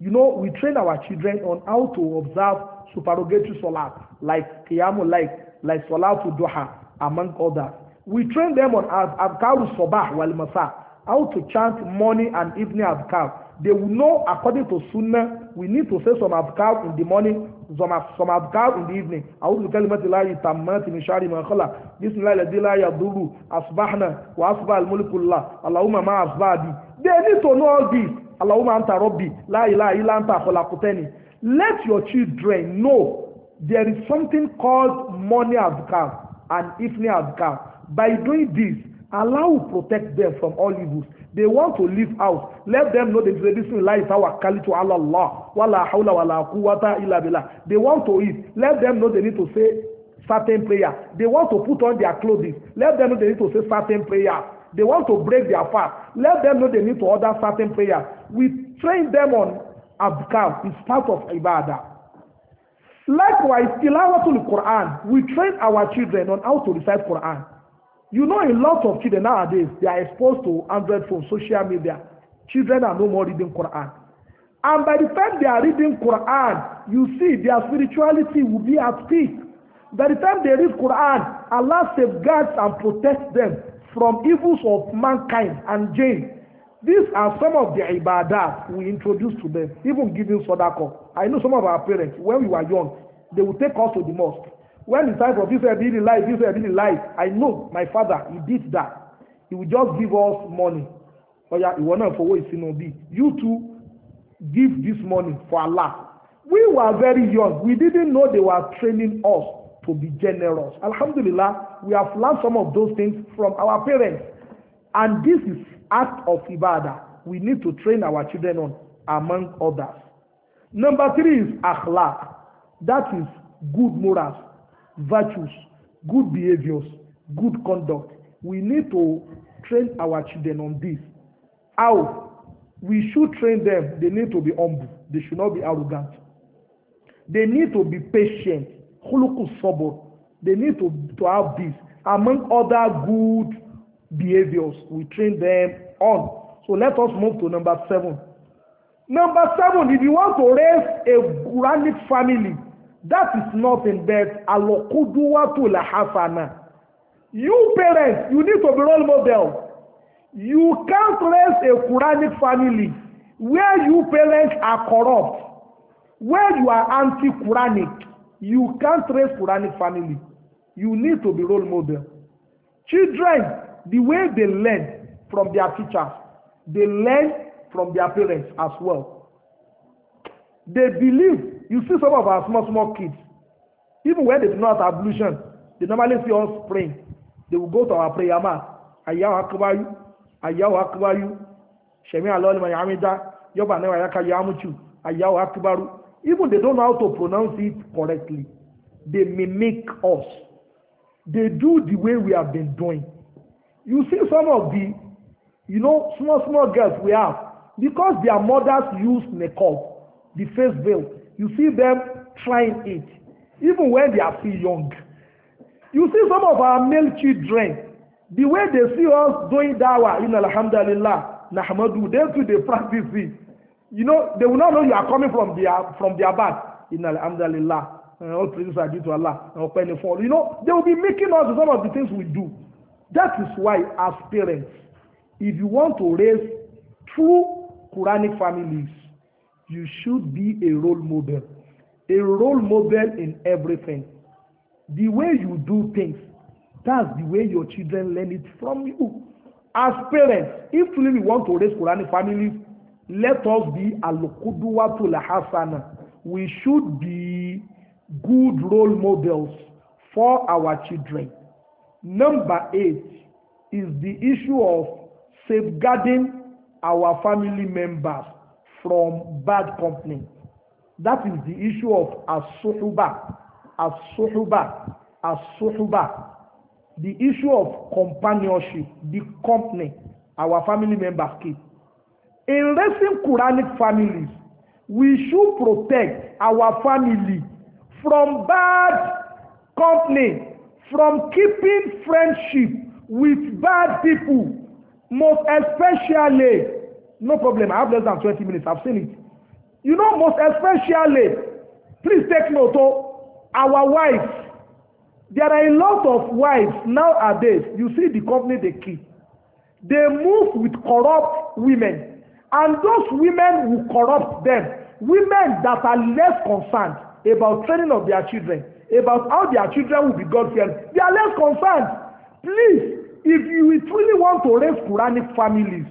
you know we train our children on how to observe supererogatory salat like qiyamul like like salatul duha among others we train them on as azkaru sabah wal masah how to chant morning and evening adhkar. They will know according to Sunnah, we need to say some adhkar in the morning, some, some adhkar in the evening. أعوذ بكلمة الله التامات من شر ما خلق بسم الله الذي لا يضر أصبحنا وأصبح الملك الله اللهم ما أصبح بي. They need to know all this. Allahumma anta robi. la ilaha illa anta khalaqtani. Let your children know there is something called morning adhkar and evening adhkar. By doing this, Allah will protect them from all evils. They want to live out. Let them know the tradition life our to Allah. Wala hawla wala quwwata illa billah. They want to eat. Let them know they need to say certain prayer. They want to put on their clothing. Let them know they need to say certain prayer. They want to break their fast. Let them know they need to order certain prayer. We train them on abkar. It's part of ibadah. Likewise, tilawatul Quran. We train our children on how to recite Quran. You know, a lot of children nowadays, they are exposed to hundred from social media. Children are no more reading Quran. And by the time they are reading Quran, you see their spirituality will be at peak. By the time they read Quran, Allah safeguards and protects them from evils of mankind and jinn. These are some of the ibadah we introduce to them, even giving sadaqah. I know some of our parents, when we were young, they would take us to the mosque when the time for this being in life, this being in life, I know my father, he did that. He will just give us money. Oh yeah, ìwọ náà fowó ìsinú bí. You too, give this money for Allah. We were very young. We didn't know they were training us to be generous. Alhamdulillah, we have learned some of those things from our parents. And this is act of ibadah. We need to train our children on, among others. Number three is akhlaq. That is good morals virtues, good behaviors, good conduct. We need to train our children on this. How? We should train them. They need to be humble. They should not be arrogant. They need to be patient. They need to, to have this. Among other good behaviors, we train them on. So let us move to number seven. Number seven, if you want to raise a Quranic family, That is nothing but alokuduwatu lahasana. You parents, you need to be role models. You can't raise a Quranic family where you parents are corrupt, where you are anti-Quranic. You can't raise Quranic family. You need to be role model. Children, the way they learn from their teachers, they learn from their parents as well. They believe You see some of our small, small kids, even when they do not have ablution, they normally see us praying. They will go to our prayer mat. Ayahu akbaru, Ayahu akbaru, Shemi alol man yamida, Yoba newa yaka yamuchu, Ayahu akbaru. Even they don't know how to pronounce it correctly. They mimic us. They do the way we have been doing. You see some of the, you know, small, small girls we have, because their mothers use niqab, the face veil, you see them trying it even when they are still young you see some of our male children the way they see us doing dawa in alhamdulillah nahamadu. they too they practice it you know they will not know you are coming from their from their back in alhamdulillah uh, all praises are due to Allah open the fall you know they will be making us some of the things we do that is why as parents if you want to raise true Quranic families you should be a role model a role model in everything the way you do things that's the way your children learn it from you as parents if really we want to raise Quranic family let us be alukuduwatul hasana we should be good role models for our children number eight is the issue of safeguarding our family members from bad company. That is the issue of as-suhuba, as The issue of companionship, the company our family members keep. In raising Quranic families, we should protect our family from bad company, from keeping friendship with bad people, most especially No problem. I have less than twenty minutes. I've seen it. You know, most especially, please take note, oh, our wives. There are a lot of wives nowadays. You see the company they keep. They move with corrupt women. And those women will corrupt them. Women that are less concerned about training of their children, about how their children will be God-fearing. They are less concerned. Please, if you truly want to raise Quranic families,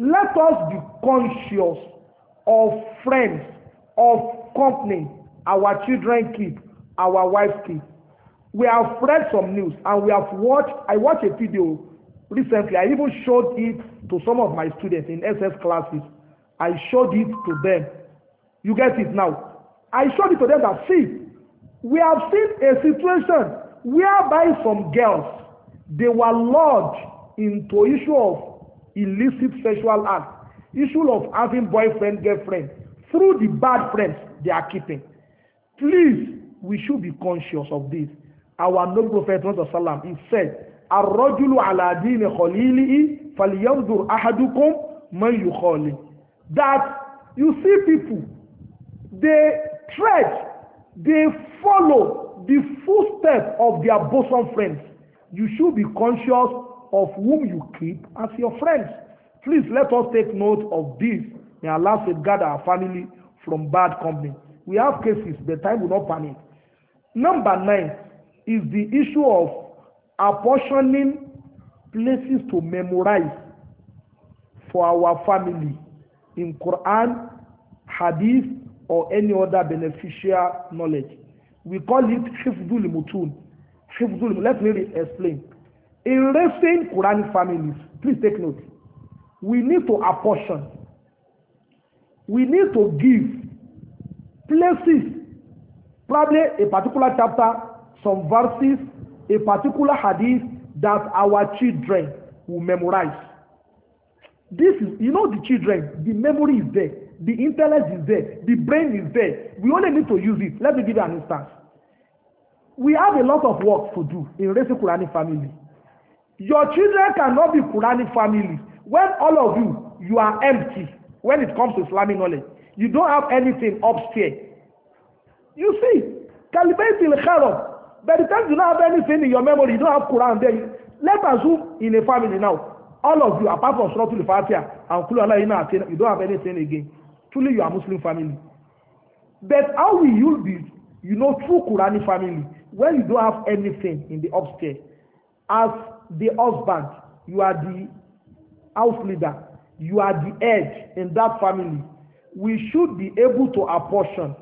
let us be conscious of friends of company our children keep our wife keep we have read some news and we have watched i watched a video recently i even showed it to some of my students in ss classes i showed it to them you get it now i showed it to them that see we have seen a situation whereby some girls they were lodged into issue of illicit sexual act, issue of having boyfriend, girlfriend, through the bad friends they are keeping. Please, we should be conscious of this. Our noble prophet Muhammad he said, الرجل على دين خليله ahadukum أحدكم من يخالي. That you see people, they tread, they follow the footsteps of their bosom friends. You should be conscious of whom you keep as your friends. Please let us take note of this. May Allah safeguard our family from bad company. We have cases, the time will not panic. Number nine is the issue of apportioning places to memorize for our family in Quran, Hadith, or any other beneficial knowledge. We call it Hifdul Mutun. Hifdul, let me explain. In raising Quranic families, please take note, we need to apportion. We need to give places, probably a particular chapter, some verses, a particular hadith that our children will memorize. This is, you know, the children, the memory is there, the intellect is there, the brain is there. We only need to use it. Let me give you an instance. We have a lot of work to do in raising Quranic families. Your children cannot be Quranic family when all of you, you are empty when it comes to Islamic knowledge. You don't have anything upstairs. You see, calibrate in Kharab. By the time you don't have anything in your memory, you don't have Quran there. Let us who in a family now. All of you, apart from Suratul Fatiha and Kulala Ina you don't have anything again. Truly, you are Muslim family. But how will you be, you know, true Quranic family when you don't have anything in the upstairs? As the husband, you are the house leader, you are the head in that family. We should be able to apportion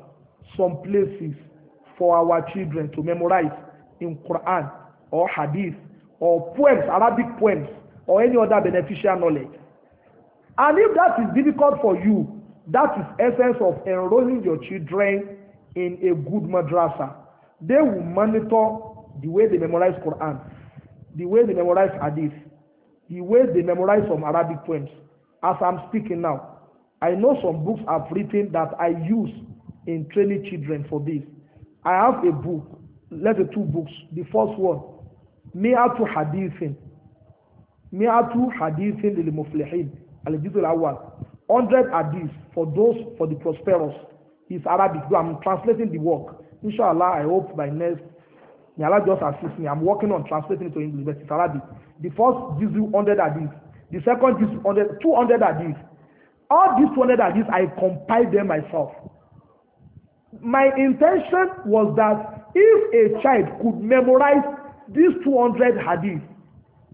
some places for our children to memorize in Quran or Hadith or poems, Arabic poems, or any other beneficial knowledge. And if that is difficult for you, that is essence of enrolling your children in a good madrasa. They will monitor the way they memorize Quran the way they memorize hadith, the way they memorize some Arabic poems. As I'm speaking now, I know some books I've written that I use in training children for this. I have a book, let's say two books. The first one, Mi'atu Hadithin. Mi'atu Hadithin lil Muflihin. Al-Jizul Awal. 100 hadith for those, for the prosperous. It's Arabic. I'm translating the work. Inshallah, I hope by next Nyala just assist me. I'm working on translating it to English, but it's Arabic. The first gives you 100 hadith. The second gives you 200 hadith. All these 200 hadith, I compiled them myself. My intention was that if a child could memorize these 200 hadith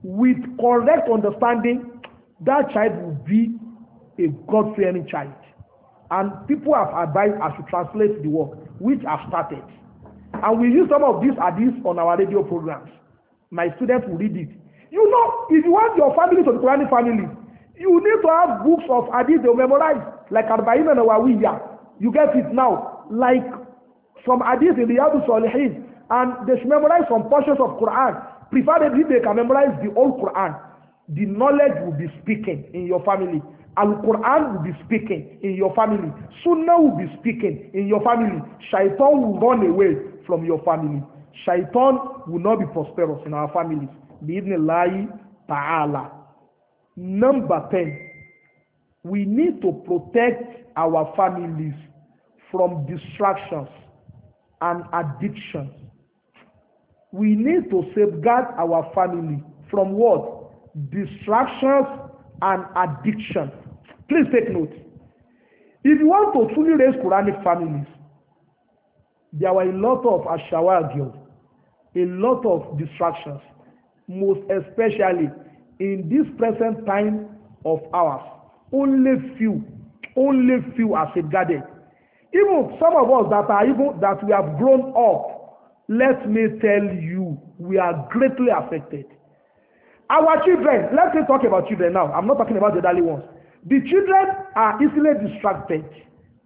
with correct understanding, that child would be a God-fearing child. And people have advised I should translate the work, which I've started. And we use some of these hadiths on our radio programs. My students will read it. You know, if you want your family to be Quranic family, you need to have books of hadith they memorize, like Arba'in and Awawiyya. You get it now. Like some hadith in the Yadu Salihin, and they should memorize some portions of Quran. Preferably, they can memorize the whole Quran. The knowledge will be speaking in your family. Al-Quran will be speaking in your family. Sunnah will be speaking in your family. Shaitan will run away from your family. Shaitan will not be prosperous in our families. Bidnillahi ta'ala. Number 10, we need to protect our families from distractions and addictions. We need to safeguard our family from what? Distractions and addiction. Please take note. If you want to truly raise Quranic families, there were a lot of ashawagil, a lot of distractions, most especially in this present time of ours. Only few, only few are safeguarded. Even some of us that are even that we have grown up, let me tell you, we are greatly affected. Our children, let me talk about children now. I'm not talking about the daily ones. The children are easily distracted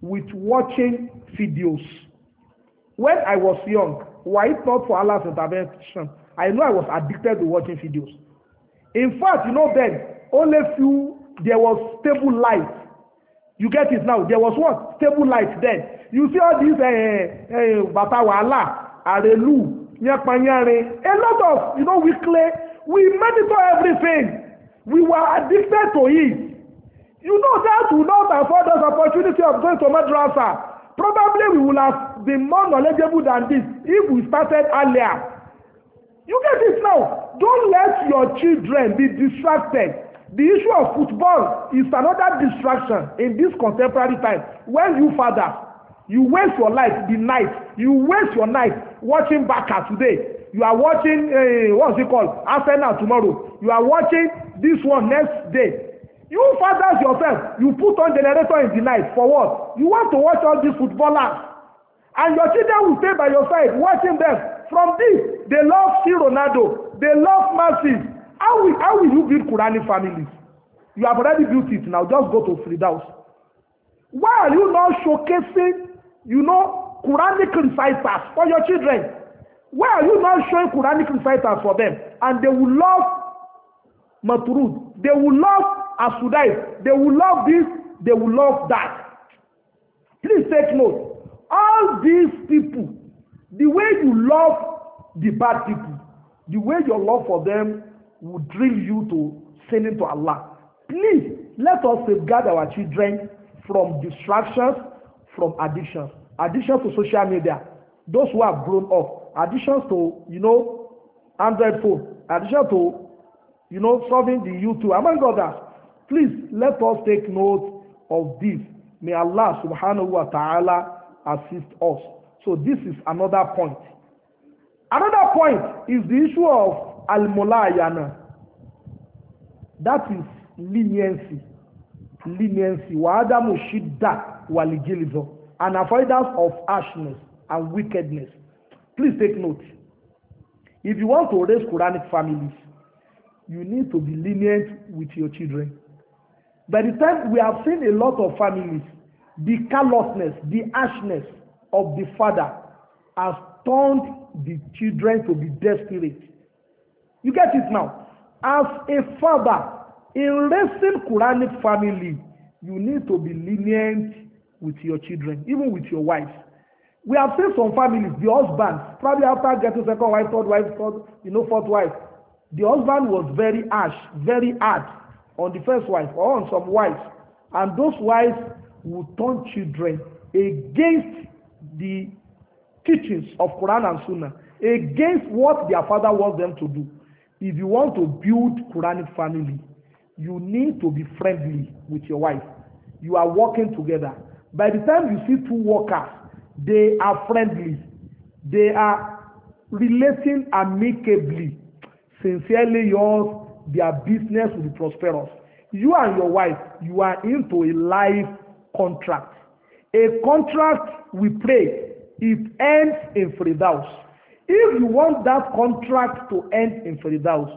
with watching videos When I was young, were it not for Allah's intervention, I know I was addicted to watching videos. In fact, you know then, only few, there was stable light. You get it now. There was what? Stable light then. You see all these uh, uh, bàtà wàhálà, àrèlú, yánpanyánrin. A lot of, you know, we clear, we monitor everything. We were addicted to it. You know that would not afford us opportunity of going to madrasa. Probably we would have been more knowledgeable than this if we started earlier. You get it now. Don't let your children be distracted. The issue of football is another distraction in this contemporary time. When you father, you waste your life the night. You waste your night watching Barca today. You are watching, uh, what's it called? Arsenal tomorrow. You are watching this one next day. You fathers yourself, you put on generator in the night. For what? You want to watch all these footballers. And your children will stay by your side, watching them. From this, they love see Ronaldo. They love Messi. How will, how will you build Qurani families? You have already built it now. Just go to Fridaus. Why are you not showcasing, you know, Quranic reciters for your children? Why are you not showing Quranic reciters for them? And they will love Maturud. They will love Asudai. They will love this. They will love that. Please take note all these people the way you love the bad people the way your love for them will drill you to sinning to Allah please let us safeguard our children from distractions from addictions addictions to social media those who have grown up addictions to you know android phone addictions to you know serving the YouTube among others please let us take note of this may Allah subhanahu wa ta'ala assist us. So this is another point. Another point is the issue of al-mulayana. That is leniency. Leniency. Wa'adamu shidda waligilizo. An avoidance of harshness and wickedness. Please take note. If you want to raise Quranic families, you need to be lenient with your children. By the time we have seen a lot of families The callousness, the harshness of the father has turned the children to be desperate. You get it now? As a father, in raising Quranic family, you need to be lenient with your children, even with your wife. We have seen some families, the husband, probably after getting second wife, third wife, third, you know, fourth wife, the husband was very harsh, very hard on the first wife or on some wives. And those wives will turn children against the teachings of Quran and Sunnah, against what their father wants them to do. If you want to build Quranic family, you need to be friendly with your wife. You are working together. By the time you see two workers, they are friendly. They are relating amicably. Sincerely yours, their business will be prosperous. You and your wife, you are into a life contract. A contract, we pray, it ends in Firdaus. If you want that contract to end in Firdaus,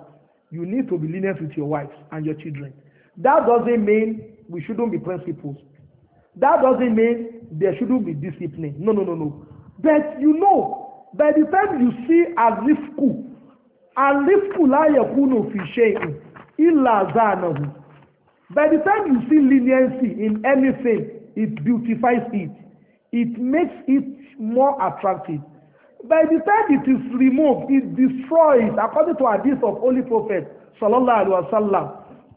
you need to be lenient with your wives and your children. That doesn't mean we shouldn't be principles. That doesn't mean there shouldn't be discipline. No, no, no, no. But you know, by the time you see a rifku, a rifku la yakunu fi shay'in illa zanahu. By the time you see leniency in anything, it beautifies it. It makes it more attractive. By the time it is removed, it destroys, according to hadith of Holy Prophet, Sallallahu Alaihi Wasallam.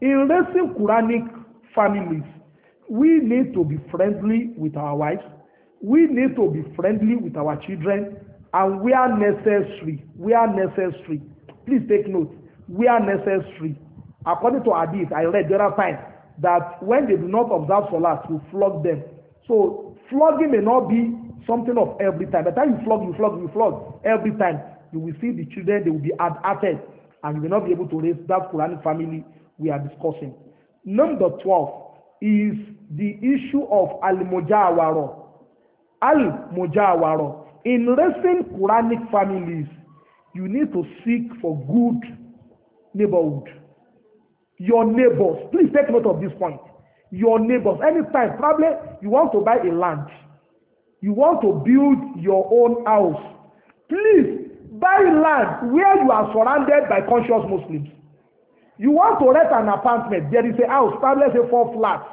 In raising Quranic families, we need to be friendly with our wives. We need to be friendly with our children. And we are necessary, We are necessary, please take note, We are necessary, according to hadith I read the other time that when they do not observe Salah you flog them so flogging may not be something of every time by the time you flog you flog you flog every time you will see the children they will be hard-hearted and you will not be able to raise that Quranic family we are discussing number twelve is the issue of al-mujawara al-mujawara in raising Quranic families you need to seek for good neighborhood Your neighbors, please take note of this point. Your neighbors, anytime, probably you want to buy a land, you want to build your own house, please buy land where you are surrounded by conscious Muslims. You want to rent an apartment, there is a house, probably say four flats.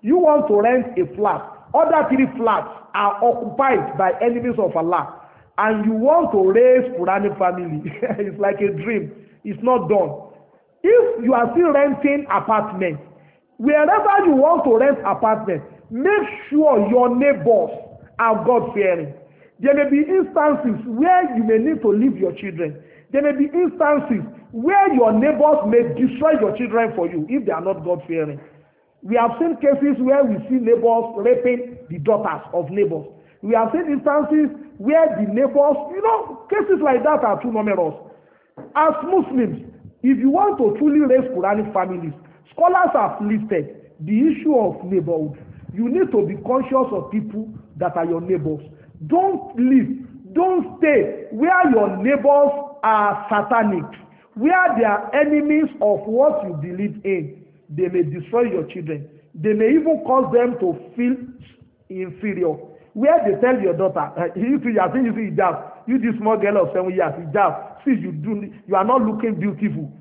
You want to rent a flat, other three flats are occupied by enemies of Allah, and you want to raise Quranic family. it's like a dream. It's not done if you are still renting apartment wherever you want to rent apartment make sure your neighbors are God fearing there may be instances where you may need to leave your children there may be instances where your neighbors may destroy your children for you if they are not God fearing we have seen cases where we see neighbors raping the daughters of neighbors we have seen instances where the neighbors you know cases like that are too numerous as Muslims If you want to truly raise Quranic families, scholars have listed the issue of neighborhood. You need to be conscious of people that are your neighbors. Don't live, don't stay where your neighbors are satanic, where they are enemies of what you believe in. They may destroy your children. They may even cause them to feel inferior. Where they tell your daughter, uh, you see, you see, you see, you see, you this small girl of seven years, hijab, see you do you are not looking beautiful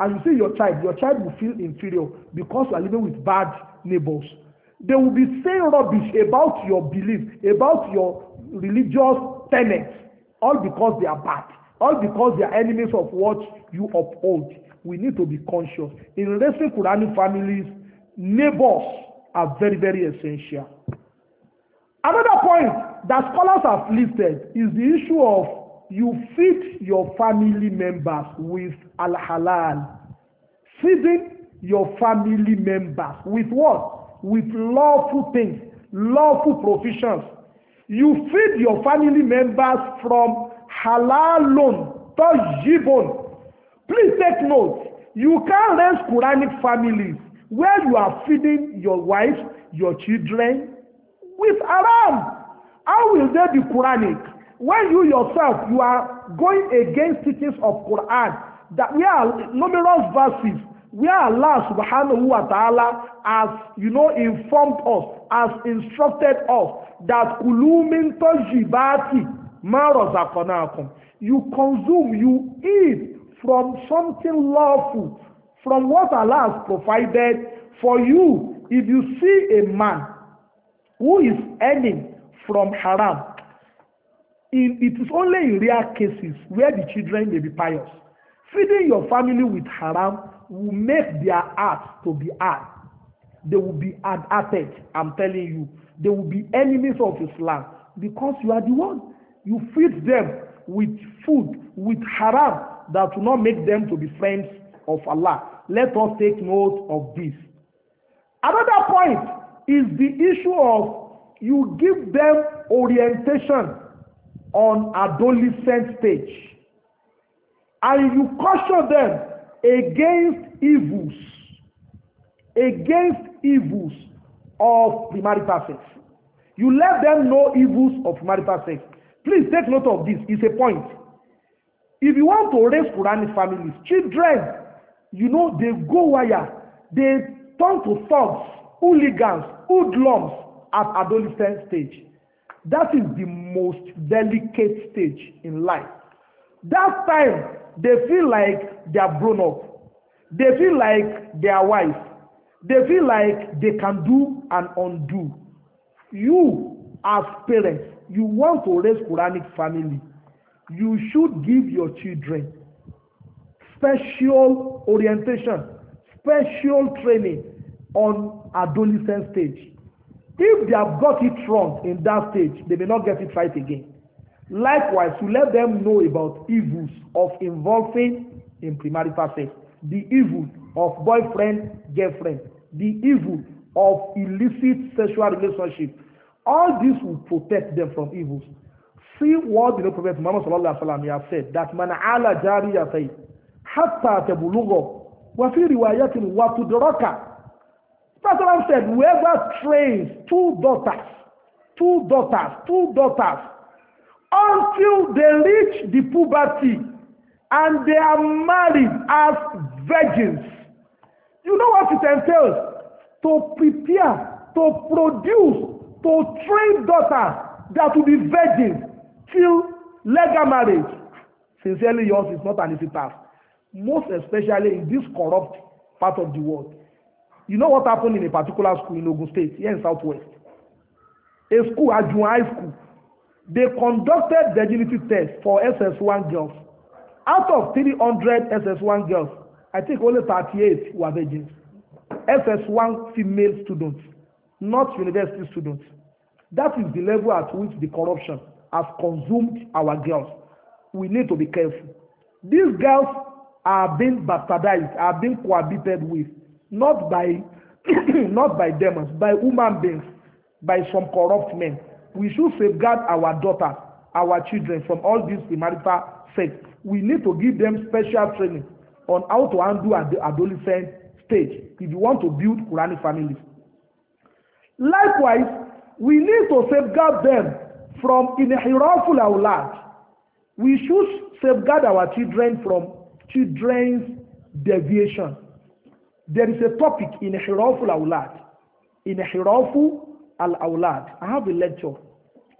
and you see your child your child will feel inferior because you are living with bad neighbors they will be saying rubbish about your belief about your religious tenets all because they are bad all because they are enemies of what you uphold we need to be conscious in raising Quranic families neighbors are very very essential another point that scholars have listed is the issue of you feed your family members with al halal feeding your family members with what with lawful things lawful provisions you feed your family members from halalun tajibun please take note you can't raise quranic families where you are feeding your wife your children with haram how will they be quranic when you yourself you are going against teachings of Quran that we are numerous verses where Allah subhanahu wa ta'ala has, you know, informed us, has instructed us that kulumin tajibati marazaqanakum. You consume, you eat from something lawful, from what Allah has provided for you. If you see a man who is earning from haram, it is only in rare cases where the children may be pious. Feeding your family with haram will make their heart to be hard. They will be hard-hearted, I'm telling you. They will be enemies of Islam because you are the one. You feed them with food, with haram that will not make them to be friends of Allah. Let us take note of this. Another point is the issue of you give them orientation on adolescent stage. And you caution them against evils, against evils of premarital sex. You let them know evils of premarital sex. Please take note of this. It's a point. If you want to raise Quranic families, children, you know, they go wire. They turn to thugs, hooligans, hoodlums at adolescent stage. That is the most delicate stage in life. That time, they feel like they are grown up. They feel like they are wise. They feel like they can do and undo. You, as parents, you want to raise Quranic family. You should give your children special orientation, special training on adolescent stage. If they have got it wrong in that stage, they may not get it right again. Likewise, to let them know about evils of involving in primary sex, the evil of boyfriend, girlfriend, the evil of illicit sexual relationship. All this will protect them from evils. See what the Prophet Muhammad sallallahu alaihi wasallam has said that man ala jari jariyatay hatta tabulugo wa fi riwayatin wa tudraka President said, whoever trains two daughters, two daughters, two daughters, until they reach the puberty and they are married as virgins. You know what it entails? To prepare, to produce, to train daughters that will be virgins till legal marriage. Sincerely, yours is not an easy task. Most especially in this corrupt part of the world. You know what happened in a particular school in Ogun State, here in Southwest? A school, Ajun High School, they conducted virginity test for SS1 girls. Out of 300 SS1 girls, I think only 38 were virgins. SS1 female students, not university students. That is the level at which the corruption has consumed our girls. We need to be careful. These girls are being bastardized, are being cohabited with not by not by demons by human beings by some corrupt men we should safeguard our daughters our children from all these premarital sex we need to give them special training on how to handle at the adolescent stage if you want to build Quranic families likewise we need to safeguard them from inhiraful awlad we should safeguard our children from children's deviation There is a topic in Hiraful aulad, In Hiraful Al aulad. I have a lecture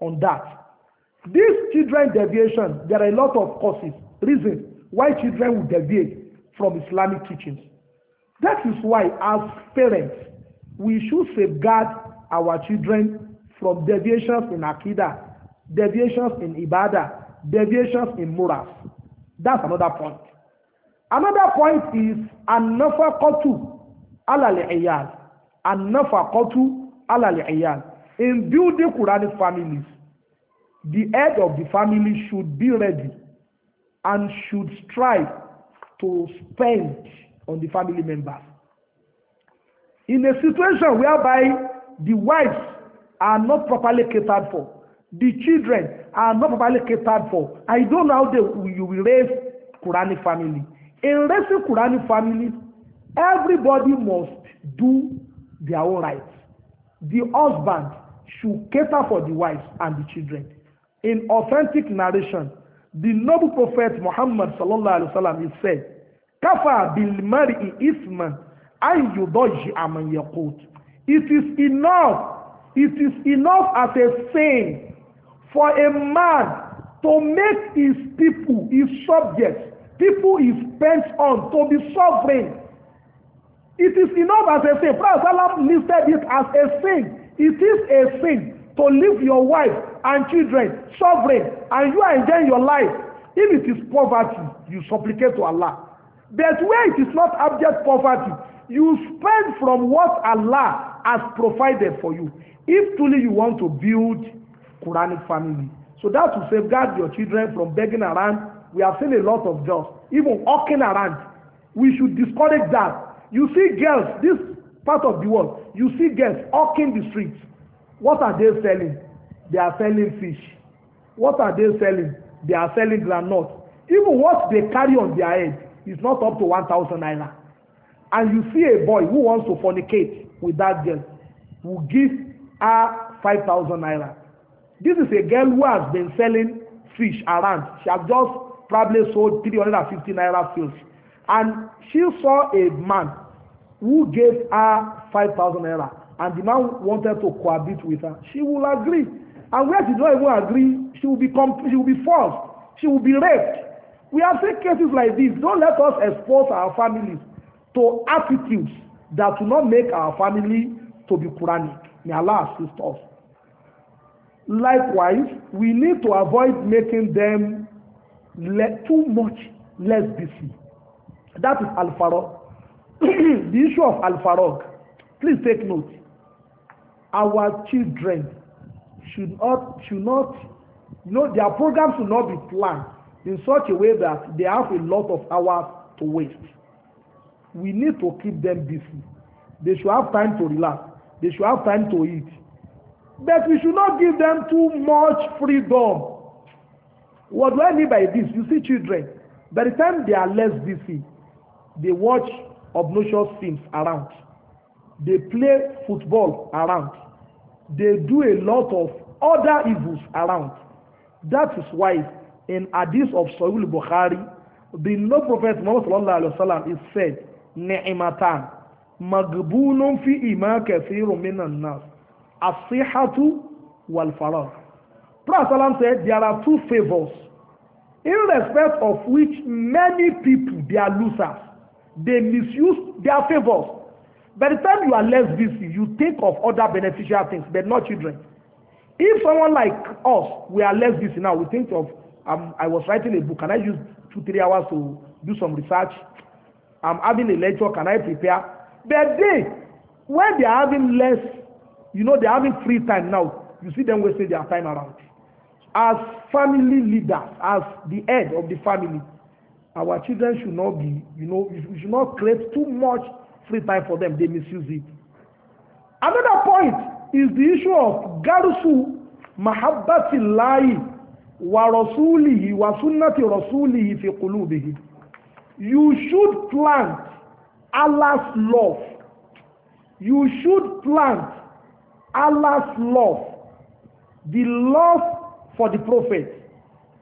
on that. This children deviation, there are a lot of causes, reasons why children will deviate from Islamic teachings. That is why, as parents, we should safeguard our children from deviations in Akida, deviations in ibada, deviations in morals. That's another point. Another point is an-nafaqatu ala al-iyal. An-nafaqatu ala al-iyal. In building Quranic families, the head of the family should be ready and should strive to spend on the family members. In a situation whereby the wives are not properly catered for, the children are not properly catered for, I don't know how they, you will raise Quranic family. In raising Quranic families, everybody must do their own rights. The husband should cater for the wives and the children. In authentic narration, the noble prophet Muhammad sallallahu alaihi wasallam is said, "Kafa bil mar'i isman an yudaji aman yaqut." It is enough. It is enough as a saying for a man to make his people, his subjects, people is bent on to be sovereign. It is enough as a sin. Prophet Salam listed it as a sin. It is a sin to leave your wife and children sovereign and you are enjoying your life. If it is poverty, you supplicate to Allah. But where it is not abject poverty, you spend from what Allah has provided for you. If truly you want to build Quranic family. So that will safeguard your children from begging around we have seen a lot of girls even walking around we should discourage that you see girls this part of the world you see girls walking the streets what are they selling they are selling fish what are they selling they are selling groundnut even what they carry on their head is not up to one thousand naira and you see a boy who wants to fornicate with that girl who give her five thousand naira this is a girl who has been selling fish around she has just probably sold 350 naira fields. And she saw a man who gave her 5,000 naira and the man wanted to cohabit with her. She will agree. And where she don't even agree, she will be, she will be forced. She will be raped. We have seen cases like this. Don't let us expose our families to attitudes that will not make our family to be Quranic. May Allah assist us. Likewise, we need to avoid making them le too much less busy. That is Alfaro. the issue of Alfaro. please take note. Our children should not, should not, you know, their programs should not be planned in such a way that they have a lot of hours to waste. We need to keep them busy. They should have time to relax. They should have time to eat. But we should not give them too much freedom What do I mean by this? You see children, by the time they are less busy, they watch obnoxious films around. They play football around. They do a lot of other evils around. That is why in Hadith of Sahih Bukhari, the no Prophet Muhammad sallam, is said, Ni'imatan, magbunun fi ima kathirun minan nas, asihatu wal farah. Prophet Salam said there are two favours, in respect of which many people they are losers. They misuse their favours. By the time you are less busy, you think of other beneficial things, but not children. If someone like us, we are less busy now, we think of, um, I was writing a book, can I use two, three hours to do some research? I'm having a lecture, can I prepare? But they, when they are having less, you know, they are having free time now, you see them wasting their time around as family leaders, as the head of the family, our children should not be, you know, we should not create too much free time for them. They misuse it. Another point is the issue of garusu mahabbatillahi wa rasulihi wa sunnati rasulihi fi qulubihi. You should plant Allah's love. You should plant Allah's love. The love for the prophet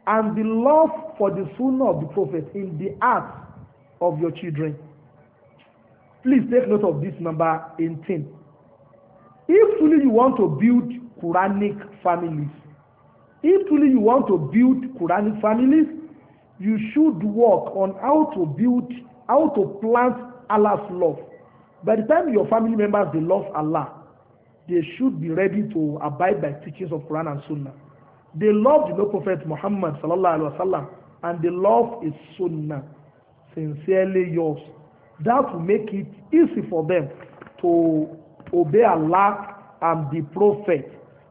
and the love for the sunnah of the prophet in the hearts of your children. Please take note of this number 18. If truly you want to build Quranic families, if truly you want to build Quranic families, you should work on how to build, how to plant Allah's love. By the time your family members they love Allah, they should be ready to abide by teachings of Quran and Sunnah. They love the Prophet Muhammad sallallahu alaihi wasallam and they love his sunnah, sincerely yours. That will make it easy for them to obey Allah and the Prophet.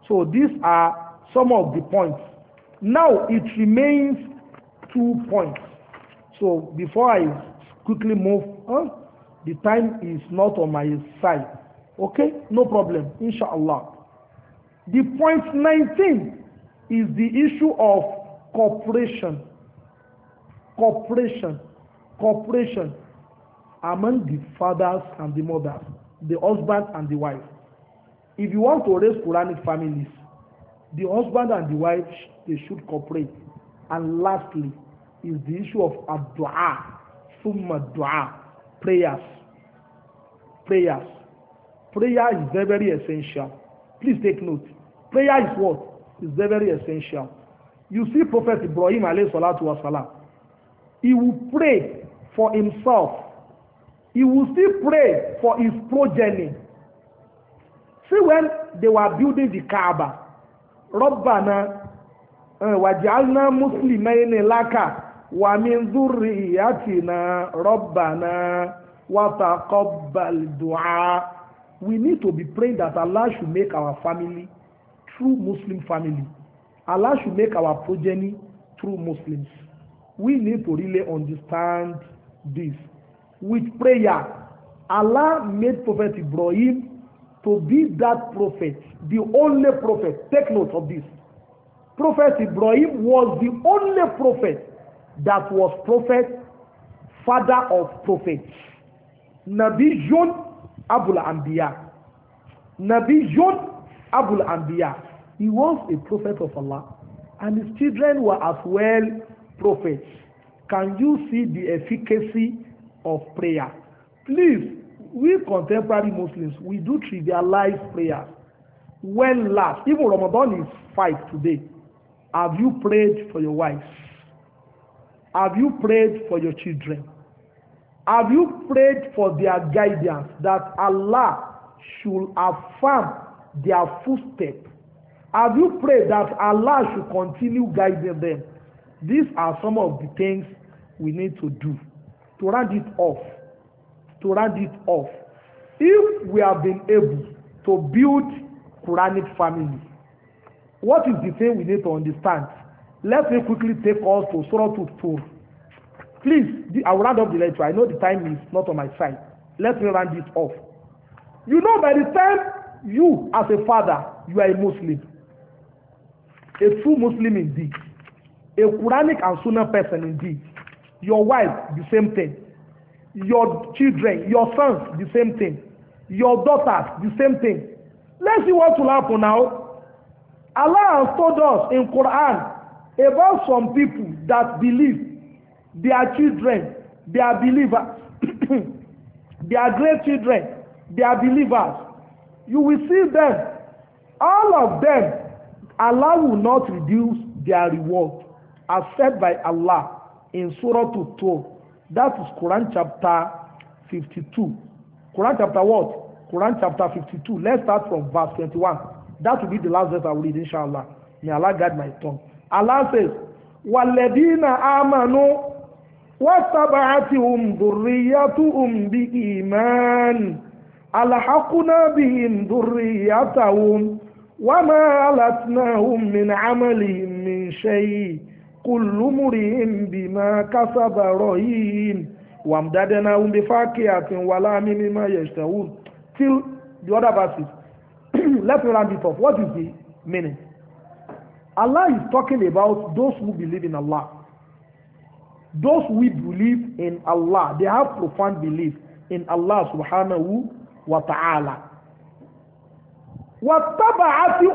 So these are some of the points. Now it remains two points. So before I quickly move on, huh? the time is not on my side. Okay, no problem, inshallah. The point nineteen is the issue of cooperation cooperation cooperation among the fathers and the mothers the husband and the wife if you want to raise Quranic families the husband and the wife they should cooperate and lastly is the issue of adua summa dua prayers prayers prayer is very very essential please take note prayer is what is very essential. You see Prophet Ibrahim alayhi salatu wasalam, he will pray for himself. He will still pray for his progeny. See when they were building the Kaaba, Rabbana eh, waj'alna muslimayni laka wa min dhurriyyatina Rabbana wa taqabbal du'a. We need to be praying that Allah should make our family True Muslim family. Allah should make our progeny true Muslims. We need to really understand this. With prayer, Allah made Prophet Ibrahim to be that prophet, the only prophet. Take note of this. Prophet Ibrahim was the only prophet that was prophet, father of prophets. Nabi John Abul Anbiya. Nabi John Abul Ambiya, He was a prophet of Allah, and his children were as well prophets. Can you see the efficacy of prayer? Please, we contemporary Muslims, we do trivialize prayers. When last, even Ramadan is five today. Have you prayed for your wife? Have you prayed for your children? Have you prayed for their guidance that Allah should affirm their footsteps. Have you prayed that Allah should continue guiding them? These are some of the things we need to do to round it off. To round it off. If we have been able to build Quranic family, what is the thing we need to understand? Let me quickly take us to Surah Tur. Please, I will round up the lecture. I know the time is not on my side. Let me round it off. You know, by the time you as a father you are a Muslim a true Muslim indeed a Quranic and Sunnah person indeed your wife the same thing your children your sons the same thing your daughters the same thing let's see what will happen now Allah has told us in Quran about some people that believe their children they are believers Their are great children they are believers you will see them. All of them, Allah will not reduce their reward as said by Allah in Surah 2. That is Quran chapter 52. Quran chapter what? Quran chapter 52. Let's start from verse 21. That will be the last verse I will read, inshallah. May Allah guide my tongue. Allah says, وَالَّذِينَ آمَنُوا وَاتَّبَعَتْهُمْ bi iman alhaqna bihim dhurriyyatahum wama alatnahum min amalihim min shay kullu mri'in bima kasaba rahin wamdadnahum bifakihatin wala mimma yashtahun till the other verses let me round it up what is the meaning Allah is talking about those who believe in Allah those who believe in Allah they have profound belief in Allah subhanahu وتعالى ta'ala wa taba'ati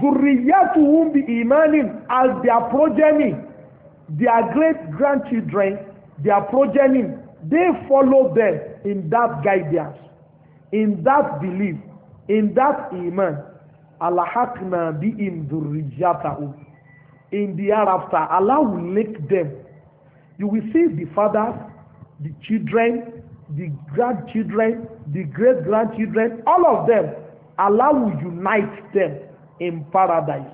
dhurriyyatuhum um, bi imanin as their progeny their great grandchildren their progeny they follow them in that guidance in that belief in that iman alahakna bihim dhurriyyatahum in the hereafter Allah will link them you will see the fathers the children the grandchildren the great grandchildren, all of them, Allah will unite them in paradise.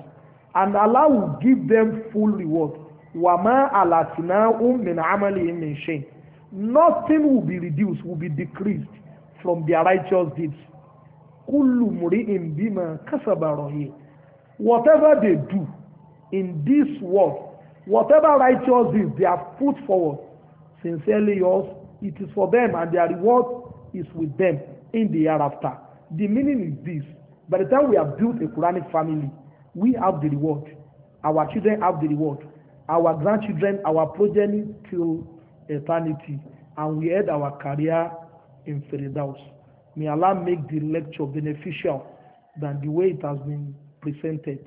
And Allah will give them full reward. وَمَا أَلَتِنَاهُمْ مِنْ amali مِنْ شَيْءٍ Nothing will be reduced, will be decreased from their righteous deeds. Kulu muri imbima كَسَبَ Whatever they do in this world, whatever righteous deeds they have put forward, sincerely yours, it is for them and their reward is with them in the hereafter. The meaning is this. By the time we have built a Quranic family, we have the reward. Our children have the reward. Our grandchildren, our progeny till eternity. And we end our career in Firdaus. May Allah make the lecture beneficial than the way it has been presented.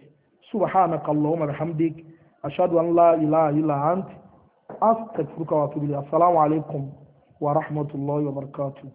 سبحانك اللهم وبحمدك أشهد أن لا إله إلا أنت أستغفرك وأتوب إليك السلام عليكم ورحمة الله وبركاته